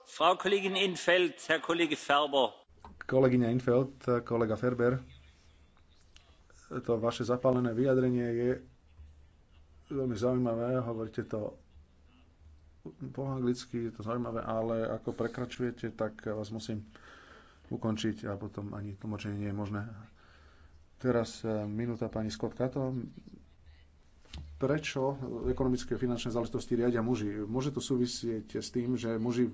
Speaker 3: Frau Kollegin Infeld, Herr Kollege Ferber.
Speaker 4: Kolegyňa Infeld, kolega Ferber, to vaše zapálené vyjadrenie je veľmi zaujímavé, hovoríte to po anglicky, je to zaujímavé, ale ako prekračujete, tak vás musím ukončiť a potom ani tlmočenie nie je možné. Teraz eh, minúta pani Scott Kato. Prečo ekonomické a finančné záležitosti riadia muži? Môže to súvisieť s tým, že muži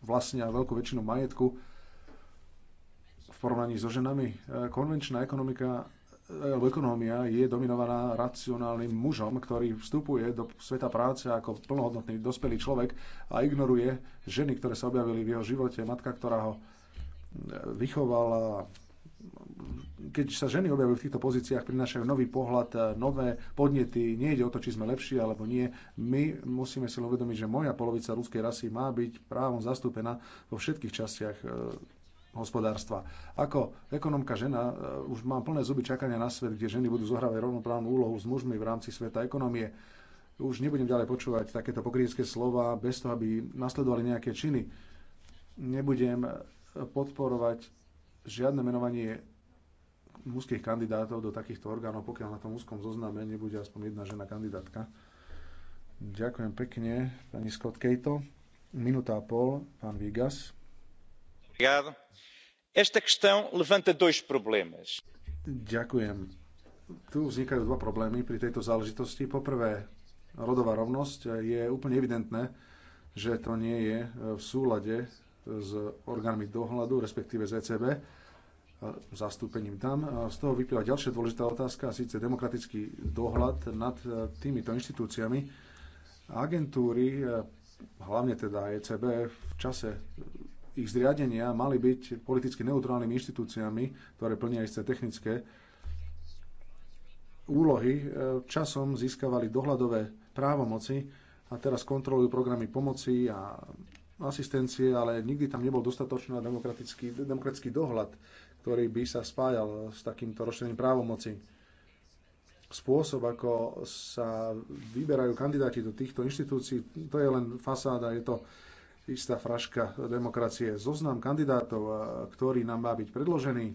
Speaker 4: vlastnia veľkú väčšinu majetku v porovnaní so ženami. Eh, konvenčná ekonomika alebo ekonómia je dominovaná racionálnym mužom, ktorý vstupuje do sveta práce ako plnohodnotný dospelý človek a ignoruje ženy, ktoré sa objavili v jeho živote, matka, ktorá ho e, vychovala. Keď sa ženy objavujú v týchto pozíciách, prinášajú nový pohľad, e, nové podnety. Nie ide o to, či sme lepší alebo nie. My musíme si uvedomiť, že moja polovica ruskej rasy má byť právom zastúpená vo všetkých častiach e, hospodárstva. Ako ekonomka žena e, už mám plné zuby čakania na svet, kde ženy budú zohrávať rovnoprávnu úlohu s mužmi v rámci sveta ekonomie. Už nebudem ďalej počúvať takéto pokrytecké slova bez toho, aby nasledovali nejaké činy. Nebudem e, podporovať žiadne menovanie mužských kandidátov do takýchto orgánov, pokiaľ na tom úzkom zozname nebude aspoň jedna žena kandidátka. Ďakujem pekne, pani Scott Kejto. Minúta a pol, pán Vigas. Tu vznikajú dva problémy pri tejto záležitosti. Po prvé, rodová rovnosť je úplne evidentné, že to nie je v súlade s orgánmi dohľadu, respektíve z ECB, zastúpením tam. Z toho vyplýva ďalšia dôležitá otázka, a síce demokratický dohľad nad týmito inštitúciami. Agentúry, hlavne teda ECB, v čase ich zriadenia mali byť politicky neutrálnymi inštitúciami, ktoré plnia isté technické úlohy, e, časom získavali dohľadové právomoci a teraz kontrolujú programy pomoci a asistencie, ale nikdy tam nebol dostatočný demokratický, demokratický dohľad, ktorý by sa spájal s takýmto rozšírením právomoci. Spôsob, ako sa vyberajú kandidáti do týchto inštitúcií, to je len fasáda, je to istá fraška demokracie. Zoznam kandidátov, ktorý nám má byť predložený,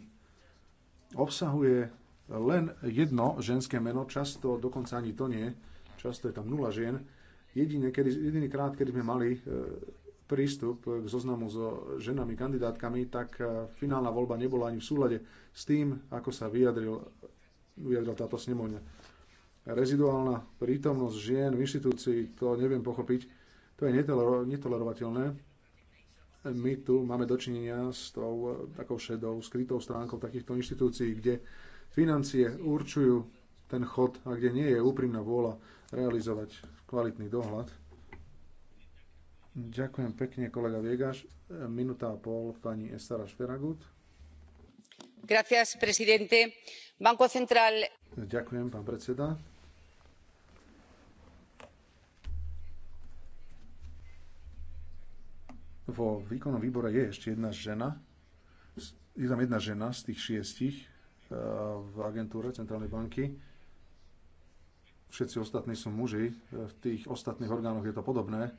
Speaker 4: obsahuje len jedno ženské meno, často dokonca ani to nie, často je tam nula žien. Jedine, kedy, jediný krát, kedy sme mali e, prístup k zoznamu so ženami kandidátkami, tak e, finálna voľba nebola ani v súlade s tým, ako sa vyjadril, vyjadril táto snemovňa. Reziduálna prítomnosť žien v inštitúcii, to neviem pochopiť. To je netolerovateľné. My tu máme dočinenia s tou e, takou šedou, skrytou stránkou takýchto inštitúcií, kde financie určujú ten chod a kde nie je úprimná vôľa realizovať kvalitný dohľad. Ďakujem pekne, kolega Viegaš. Minúta a pol, pani Estara Šferagut.
Speaker 3: Gracias, presidente. Banco Central...
Speaker 4: Ďakujem, pán predseda Vo výkonnom výbore je ešte jedna žena, je tam jedna žena z tých šiestich eh, v agentúre Centrálnej banky. Všetci ostatní sú muži, eh, v tých ostatných orgánoch je to podobné.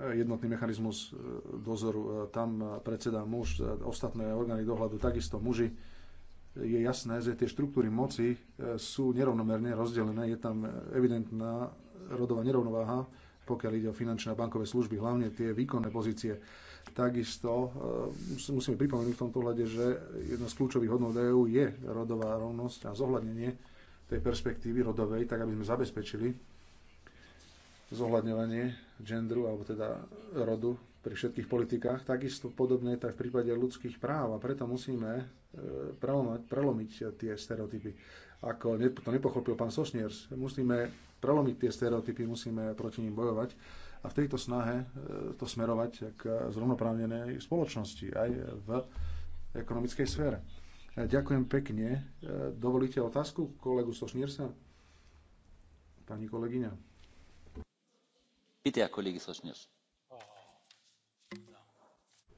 Speaker 4: Eh, jednotný mechanizmus dozoru, tam predseda, muž, ostatné orgány dohľadu takisto muži je jasné, že tie štruktúry moci sú nerovnomerne rozdelené. Je tam evidentná rodová nerovnováha pokiaľ ide o finančné a bankové služby, hlavne tie výkonné pozície. Takisto e, musíme pripomenúť v tomto hľade, že jedna z kľúčových hodnot EÚ je rodová rovnosť a zohľadnenie tej perspektívy rodovej, tak aby sme zabezpečili zohľadňovanie genderu alebo teda rodu pri všetkých politikách. Takisto podobne tak v prípade ľudských práv a preto musíme e, prelomať, prelomiť tie stereotypy. Ako to nepochopil pán Sosniers, musíme prelomiť tie stereotypy, musíme proti ním bojovať a v tejto snahe e, to smerovať k zrovnoprávnenej spoločnosti aj v ekonomickej sfére. E, ďakujem pekne. E, dovolíte otázku kolegu Sošnírsa? Pani kolegyňa.
Speaker 3: Pýtaj kolegy Sošnírs.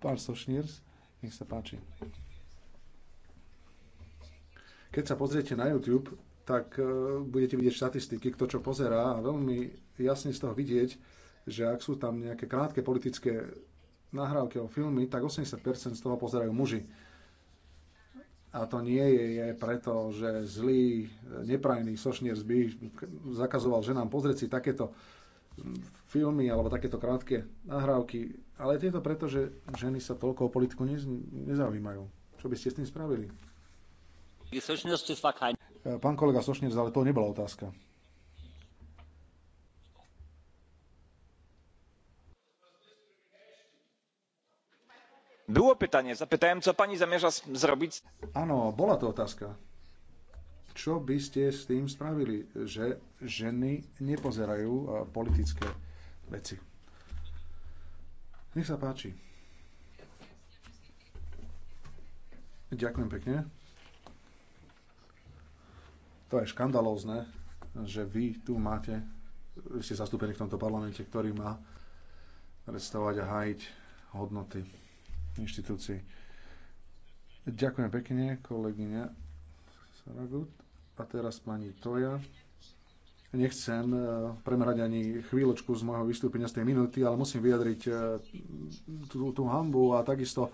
Speaker 4: Pán Sošnírs, nech sa páči. Keď sa pozriete na YouTube, tak e, budete vidieť štatistiky, kto čo pozerá a veľmi jasne z toho vidieť, že ak sú tam nejaké krátke politické nahrávky alebo filmy, tak 80% z toho pozerajú muži. A to nie je, je preto, že zlý, e, neprajný Sošniers by zakazoval ženám pozrieť si takéto filmy alebo takéto krátke nahrávky. Ale je to preto, že ženy sa toľko o politiku nezaujímajú. Čo by ste s tým spravili? Eh, pán kolega Sošnec, ale to nebola otázka. Było pytanie, zapytałem, co
Speaker 3: pani zamierza zrobić.
Speaker 4: Áno, bola to otázka. Čo by ste s tým spravili, že ženy nepozerajú eh, politické veci? Nech sa páči. Ďakujem pekne. To je škandalózne, že vy tu máte, vy ste zastúpení v tomto parlamente, ktorý má predstavovať a hájiť hodnoty inštitúcií. Ďakujem pekne, kolegyňa Saragut. A teraz pani Toja. Nechcem e, premerať ani chvíľočku z môjho vystúpenia z tej minúty, ale musím vyjadriť e, tú, tú hambu a takisto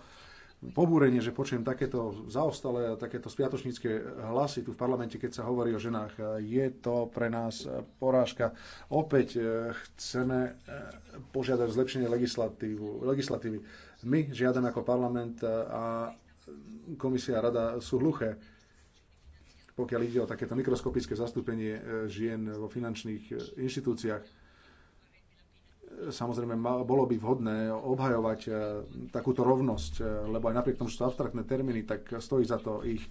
Speaker 4: pobúrenie, že počujem takéto zaostalé a takéto spiatočnícke hlasy tu v parlamente, keď sa hovorí o ženách. Je to pre nás porážka. Opäť e, chceme e, požiadať zlepšenie legislatívy. My žiadame ako parlament a komisia a rada sú hluché pokiaľ ide o takéto mikroskopické zastúpenie e, žien vo finančných inštitúciách samozrejme bolo by vhodné obhajovať e, takúto rovnosť, e, lebo aj napriek tomu, že sú to abstraktné termíny, tak stojí za to ich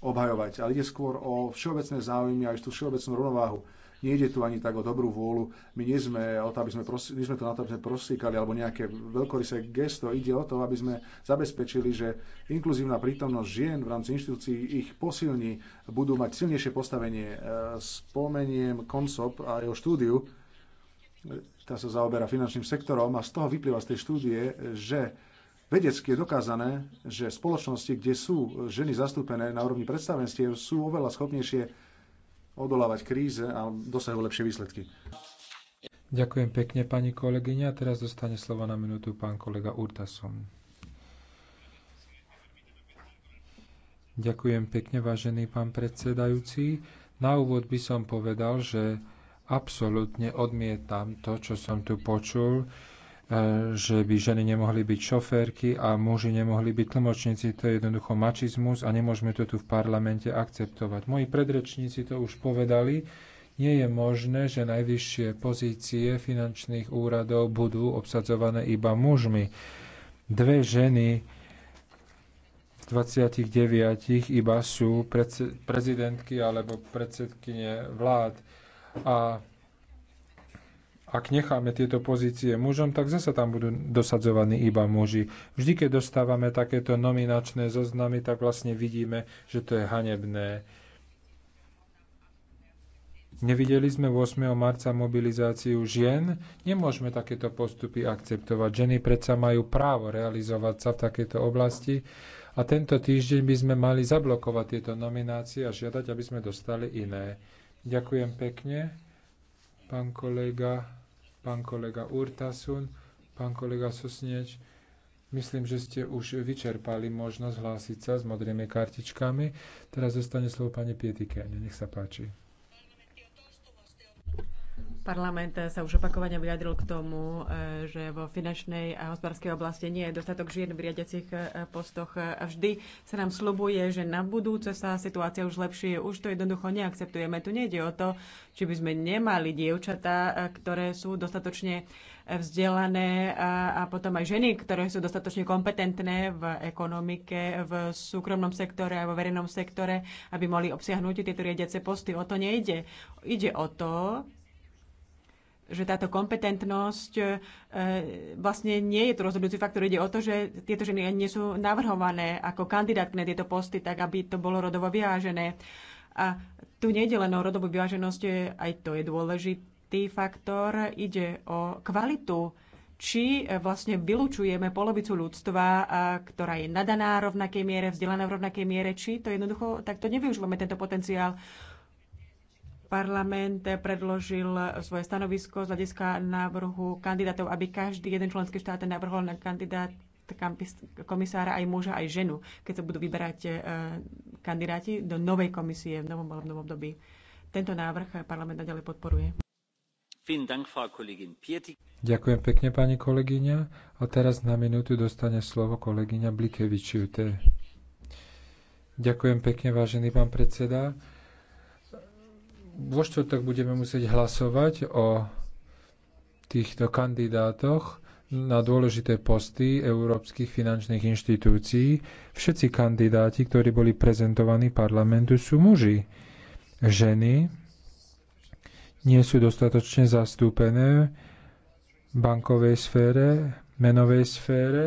Speaker 4: obhajovať. Ale ide skôr o všeobecné záujmy a aj tú všeobecnú rovnováhu. Nejde tu ani tak o dobrú vôľu. My nie sme, o to, aby sme, prosi, nie sme to na to, aby sme prosíkali alebo nejaké veľkorysé gesto. Ide o to, aby sme zabezpečili, že inkluzívna prítomnosť žien v rámci inštitúcií ich posilní, budú mať silnejšie postavenie. E, spomeniem koncop a jeho štúdiu, tá sa zaoberá finančným sektorom a z toho vyplýva z tej štúdie, že vedecky je dokázané, že spoločnosti, kde sú ženy zastúpené na úrovni predstavenstiev, sú oveľa schopnejšie odolávať kríze a dosahujú lepšie výsledky.
Speaker 1: Ďakujem pekne, pani kolegyňa. Teraz dostane slovo na minútu pán kolega Urtasom. Ďakujem pekne, vážený pán predsedajúci. Na úvod by som povedal, že absolútne odmietam to, čo som tu počul, e, že by ženy nemohli byť šoférky a muži nemohli byť tlmočníci. To je jednoducho mačizmus a nemôžeme to tu v parlamente akceptovať. Moji predrečníci to už povedali. Nie je možné, že najvyššie pozície finančných úradov budú obsadzované iba mužmi. Dve ženy z 29 iba sú prezidentky alebo predsedkyne vlád a ak necháme tieto pozície mužom, tak zase tam budú dosadzovaní iba muži. Vždy, keď dostávame takéto nominačné zoznamy, tak vlastne vidíme, že to je hanebné. Nevideli sme 8. marca mobilizáciu žien? Nemôžeme takéto postupy akceptovať. Ženy predsa majú právo realizovať sa v takejto oblasti a tento týždeň by sme mali zablokovať tieto nominácie a žiadať, aby sme dostali iné. Ďakujem pekne, pán kolega, pán kolega Urtasun, pán kolega Sosnieč. Myslím, že ste už vyčerpali možnosť hlásiť sa s modrými kartičkami. Teraz zostane slovo pani Pietike, Nech sa páči.
Speaker 2: Parlament sa už opakovane vyjadril k tomu, e, že vo finančnej a hospodárskej oblasti nie je dostatok žien v riadiacich e, postoch. A e, vždy sa nám slubuje, že na budúce sa situácia už lepší. Už to jednoducho neakceptujeme. Tu nejde o to, či by sme nemali dievčatá, ktoré sú dostatočne vzdelané a, a potom aj ženy, ktoré sú dostatočne kompetentné v ekonomike, v súkromnom sektore a vo verejnom sektore, aby mohli obsiahnuť tieto riadiace posty. O to nejde. Ide o to, že táto kompetentnosť e, vlastne nie je to rozhodujúci faktor. Ide o to, že tieto ženy nie sú navrhované ako kandidátky na tieto posty, tak aby to bolo rodovo vyvážené. A tu nejde len o rodovú vyváženosť, e, aj to je dôležitý faktor. Ide o kvalitu či e, vlastne vylúčujeme polovicu ľudstva, ktorá je nadaná v rovnakej miere, vzdelaná v rovnakej miere, či to jednoducho takto nevyužívame tento potenciál. Parlament predložil svoje stanovisko z hľadiska návrhu kandidátov, aby každý jeden členský štát navrhol na kandidát komisára aj muža, aj ženu, keď sa budú vyberať e, kandidáti do novej komisie v novom volebnom období. Tento návrh parlament naďalej podporuje.
Speaker 1: Ďakujem pekne, pani kolegyňa. A teraz na minútu dostane slovo kolegyňa Blikevičiute. Ďakujem pekne, vážený pán predseda vo štvrtok budeme musieť hlasovať o týchto kandidátoch na dôležité posty európskych finančných inštitúcií. Všetci kandidáti, ktorí boli prezentovaní parlamentu, sú muži. Ženy nie sú dostatočne zastúpené v bankovej sfére, menovej sfére.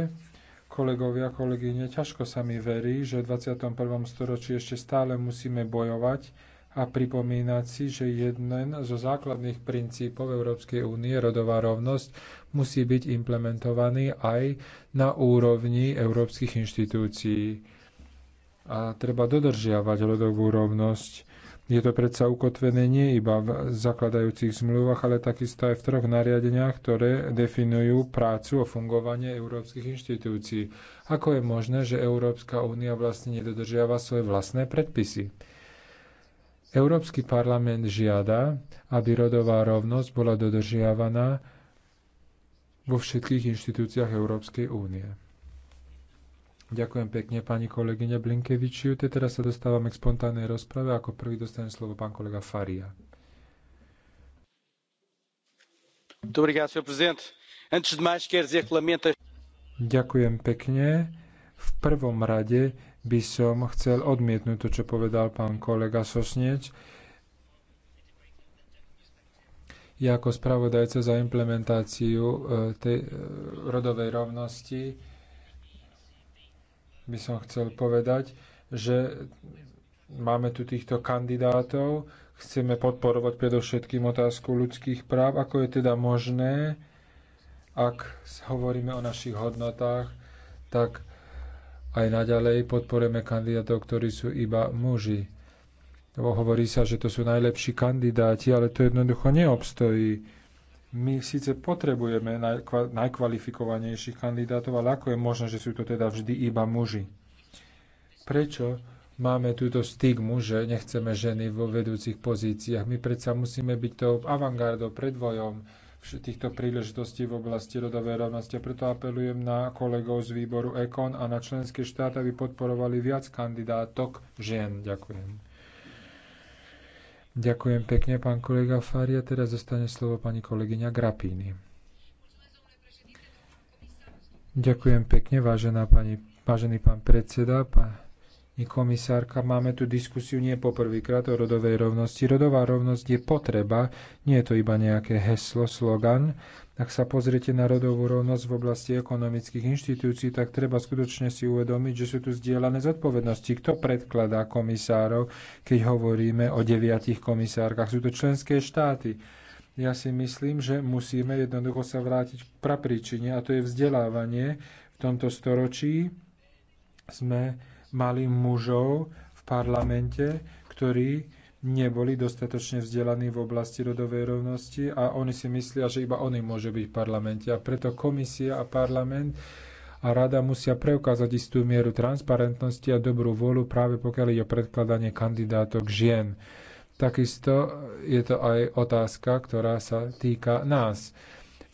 Speaker 1: Kolegovia, kolegyne, ťažko sa mi verí, že v 21. storočí ešte stále musíme bojovať a pripomínať si, že jeden zo základných princípov Európskej únie, rodová rovnosť, musí byť implementovaný aj na úrovni európskych inštitúcií. A treba dodržiavať rodovú rovnosť. Je to predsa ukotvené nie iba v zakladajúcich zmluvách, ale takisto aj v troch nariadeniach, ktoré definujú prácu o fungovanie európskych inštitúcií. Ako je možné, že Európska únia vlastne nedodržiava svoje vlastné predpisy? Európsky parlament žiada, aby rodová rovnosť bola dodržiavaná vo všetkých inštitúciách Európskej únie. Ďakujem pekne pani kolegyne Blinkevičiute. Teraz sa dostávame k spontánnej rozprave. Ako prvý dostane slovo pán kolega Faria. Ďakujem pekne. V prvom rade by som chcel odmietnuť to, čo povedal pán kolega Sosnieč. Ja ako spravodajca za implementáciu e, tej e, rodovej rovnosti by som chcel povedať, že máme tu týchto kandidátov, chceme podporovať predovšetkým otázku ľudských práv, ako je teda možné, ak hovoríme o našich hodnotách, tak aj naďalej podporujeme kandidátov, ktorí sú iba muži. Hovorí sa, že to sú najlepší kandidáti, ale to jednoducho neobstojí. My síce potrebujeme najkvalifikovanejších kandidátov, ale ako je možné, že sú to teda vždy iba muži? Prečo máme túto stigmu, že nechceme ženy vo vedúcich pozíciách? My predsa musíme byť tou avantgardou, predvojom, týchto príležitostí v oblasti rodovej rovnosti. Preto apelujem na kolegov z výboru EKON a na členské štáty, aby podporovali viac kandidátok žien. Ďakujem. Ďakujem pekne, pán kolega Faria. Teraz zostane slovo pani kolegyňa Grapíny. Ďakujem pekne, vážená pani, vážený pán predseda, pán komisárka, máme tu diskusiu nie poprvýkrát o rodovej rovnosti. Rodová rovnosť je potreba, nie je to iba nejaké heslo, slogan. Ak sa pozriete na rodovú rovnosť v oblasti ekonomických inštitúcií, tak treba skutočne si uvedomiť, že sú tu zdieľané zodpovednosti. Kto predkladá komisárov, keď hovoríme o deviatich komisárkach? Sú to členské štáty. Ja si myslím, že musíme jednoducho sa vrátiť k prapríčine, a to je vzdelávanie. V tomto storočí sme mali mužov v parlamente, ktorí neboli dostatočne vzdelaní v oblasti rodovej rovnosti a oni si myslia, že iba oni môžu byť v parlamente. A preto komisia a parlament a rada musia preukázať istú mieru transparentnosti a dobrú vôľu práve pokiaľ ide o predkladanie kandidátok žien. Takisto je to aj otázka, ktorá sa týka nás.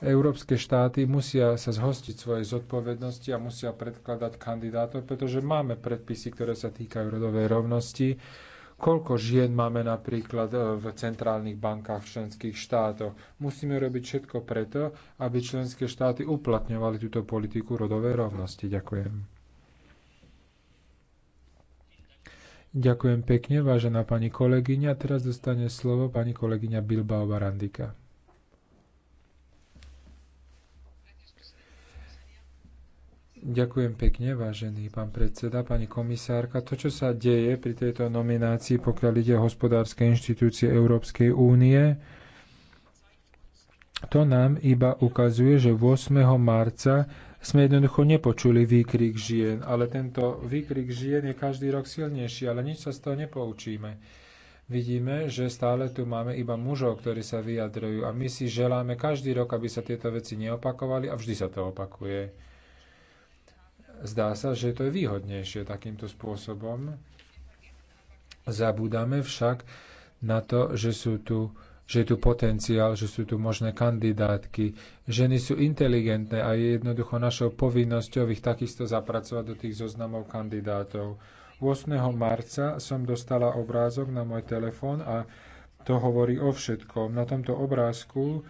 Speaker 1: Európske štáty musia sa zhostiť svojej zodpovednosti a musia predkladať kandidátov, pretože máme predpisy, ktoré sa týkajú rodovej rovnosti. Koľko žien máme napríklad e, v centrálnych bankách v členských štátoch? Musíme robiť všetko preto, aby členské štáty uplatňovali túto politiku rodovej rovnosti. Ďakujem. Ďakujem pekne, vážená pani kolegyňa. Teraz dostane slovo pani kolegyňa Bilbao Barandika. Ďakujem pekne, vážený pán predseda, pani komisárka. To, čo sa deje pri tejto nominácii, pokiaľ ide o hospodárske inštitúcie Európskej únie, to nám iba ukazuje, že 8. marca sme jednoducho nepočuli výkrik žien, ale tento výkrik žien je každý rok silnejší, ale nič sa z toho nepoučíme. Vidíme, že stále tu máme iba mužov, ktorí sa vyjadrujú a my si želáme každý rok, aby sa tieto veci neopakovali a vždy sa to opakuje. Zdá sa, že to je výhodnejšie takýmto spôsobom. Zabúdame však na to, že sú tu že je tu potenciál, že sú tu možné kandidátky. Ženy sú inteligentné a je jednoducho našou povinnosťou ich takisto zapracovať do tých zoznamov kandidátov. 8. marca som dostala obrázok na môj telefón a to hovorí o všetkom. Na tomto obrázku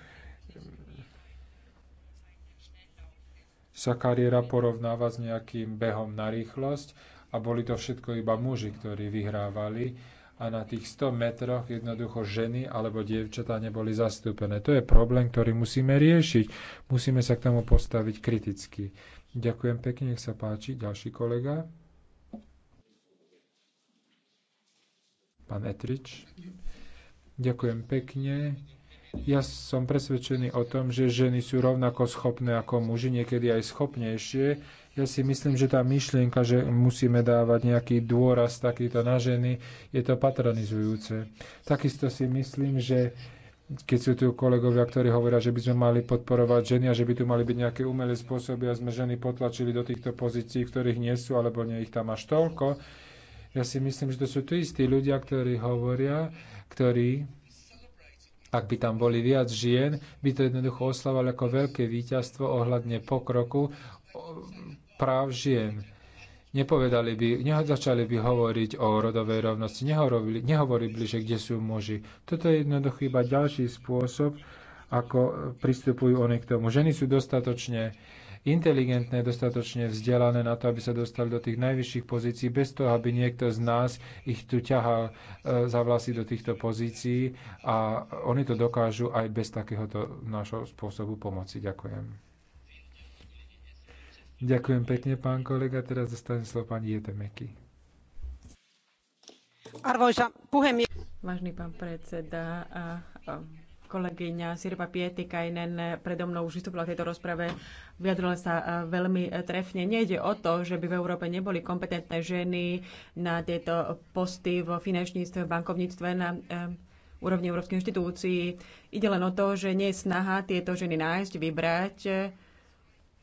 Speaker 1: sa kariéra porovnáva s nejakým behom na rýchlosť a boli to všetko iba muži, ktorí vyhrávali a na tých 100 metroch jednoducho ženy alebo dievčatá neboli zastúpené. To je problém, ktorý musíme riešiť. Musíme sa k tomu postaviť kriticky. Ďakujem pekne, nech sa páči. Ďalší kolega. Pán Etrič. Ďakujem pekne. Ja som presvedčený o tom, že ženy sú rovnako schopné ako muži, niekedy aj schopnejšie. Ja si myslím, že tá myšlienka, že musíme dávať nejaký dôraz takýto na ženy, je to patronizujúce. Takisto si myslím, že keď sú tu kolegovia, ktorí hovoria, že by sme mali podporovať ženy a že by tu mali byť nejaké umelé spôsoby a sme ženy potlačili do týchto pozícií, ktorých nie sú, alebo nie ich tam až toľko. Ja si myslím, že to sú tu istí ľudia, ktorí hovoria, ktorí ak by tam boli viac žien, by to jednoducho oslavovali ako veľké víťazstvo ohľadne pokroku práv žien. Nepovedali by, nezačali by hovoriť o rodovej rovnosti, nehovorili, nehovorili že kde sú muži. Toto je jednoducho iba ďalší spôsob, ako pristupujú oni k tomu. Ženy sú dostatočne inteligentné, dostatočne vzdelané na to, aby sa dostali do tých najvyšších pozícií, bez toho, aby niekto z nás ich tu ťahal e, za vlasy do týchto pozícií a oni to dokážu aj bez takéhoto nášho spôsobu pomoci. Ďakujem. Ďakujem pekne, pán kolega. Teraz zostane slovo pani Jetemeky.
Speaker 2: Arvoisa puhemies. Vážny pán predseda, a, a Kolegyňa Sirpa Pietikajnen predo mnou už vystúpila v tejto rozprave, vyjadrila sa e, veľmi e, trefne. Nejde o to, že by v Európe neboli kompetentné ženy na tieto posty v finančníctve, v bankovníctve, na e, úrovni európskych inštitúcií. Ide len o to, že nie je snaha tieto ženy nájsť, vybrať.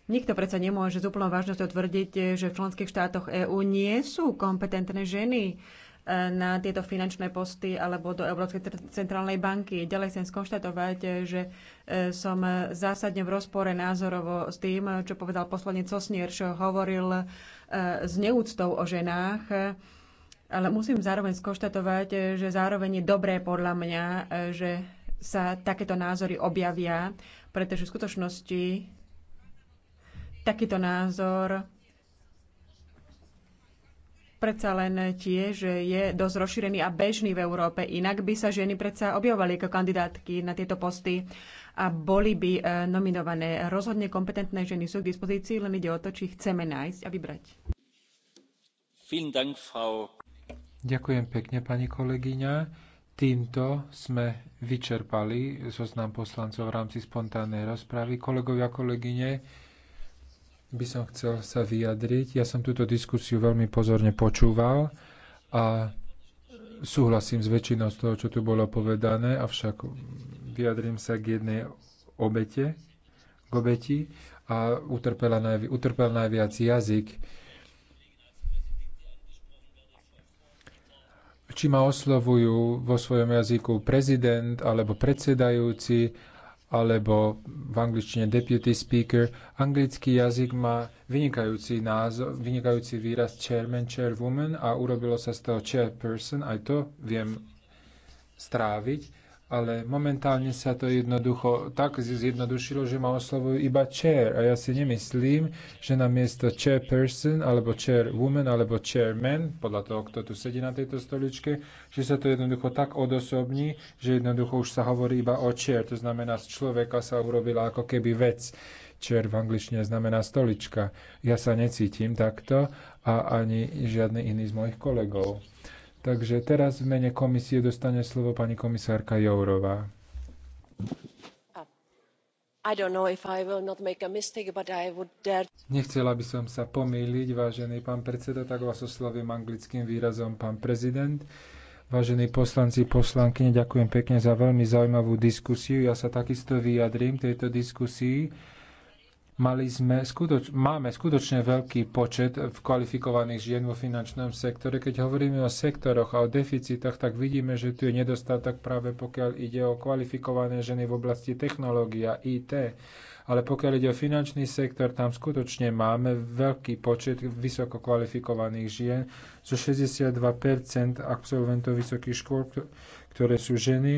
Speaker 2: Nikto predsa nemôže s úplnou vážnosťou tvrdiť, že v členských štátoch EÚ nie sú kompetentné ženy na tieto finančné posty alebo do Európskej centrálnej banky. Ďalej chcem skonštatovať, že e, som zásadne v rozpore názorovo s tým, čo povedal poslanec Sosnier, čo hovoril e, s neúctou o ženách. Ale musím zároveň skonštatovať, že zároveň je dobré podľa mňa, e, že sa takéto názory objavia, pretože v skutočnosti takýto názor predsa len tiež je dosť rozšírený a bežný v Európe. Inak by sa ženy predsa objavovali ako kandidátky na tieto posty a boli by e, nominované. Rozhodne kompetentné ženy sú k dispozícii, len ide o to, či chceme nájsť a vybrať.
Speaker 1: Ďakujem pekne, pani kolegyňa. Týmto sme vyčerpali zoznam poslancov v rámci spontánnej rozpravy. Kolegovia, kolegyne, by som chcel sa vyjadriť. Ja som túto diskusiu veľmi pozorne počúval a súhlasím s väčšinou z toho, čo tu bolo povedané, avšak vyjadrím sa k jednej obete, k obeti a utrpel, najvi- utrpel najviac jazyk. Či ma oslovujú vo svojom jazyku prezident alebo predsedajúci, alebo v angličtine deputy speaker. Anglický jazyk má vynikajúci, názov, vynikajúci výraz chairman, chairwoman a urobilo sa z toho chairperson, aj to viem stráviť ale momentálne sa to jednoducho tak zjednodušilo, že ma oslovujú iba chair a ja si nemyslím, že na miesto chairperson alebo chairwoman alebo chairman, podľa toho, kto tu sedí na tejto stoličke, že sa to jednoducho tak odosobní, že jednoducho už sa hovorí iba o chair, to znamená z človeka sa urobila ako keby vec. Chair v angličtine znamená stolička. Ja sa necítim takto a ani žiadny iný z mojich kolegov. Takže teraz v mene komisie dostane slovo pani komisárka Jourová. Nechcela by som sa pomýliť, vážený pán predseda, tak vás oslovím anglickým výrazom pán prezident. Vážení poslanci, poslanky, ďakujem pekne za veľmi zaujímavú diskusiu. Ja sa takisto vyjadrím tejto diskusii Mali sme skutoč- máme skutočne veľký počet kvalifikovaných žien vo finančnom sektore. Keď hovoríme o sektoroch a o deficitoch, tak vidíme, že tu je nedostatok práve pokiaľ ide o kvalifikované ženy v oblasti technológia IT. Ale pokiaľ ide o finančný sektor, tam skutočne máme veľký počet vysoko kvalifikovaných žien, zo 62 absolventov vysokých škôl, ktoré sú ženy,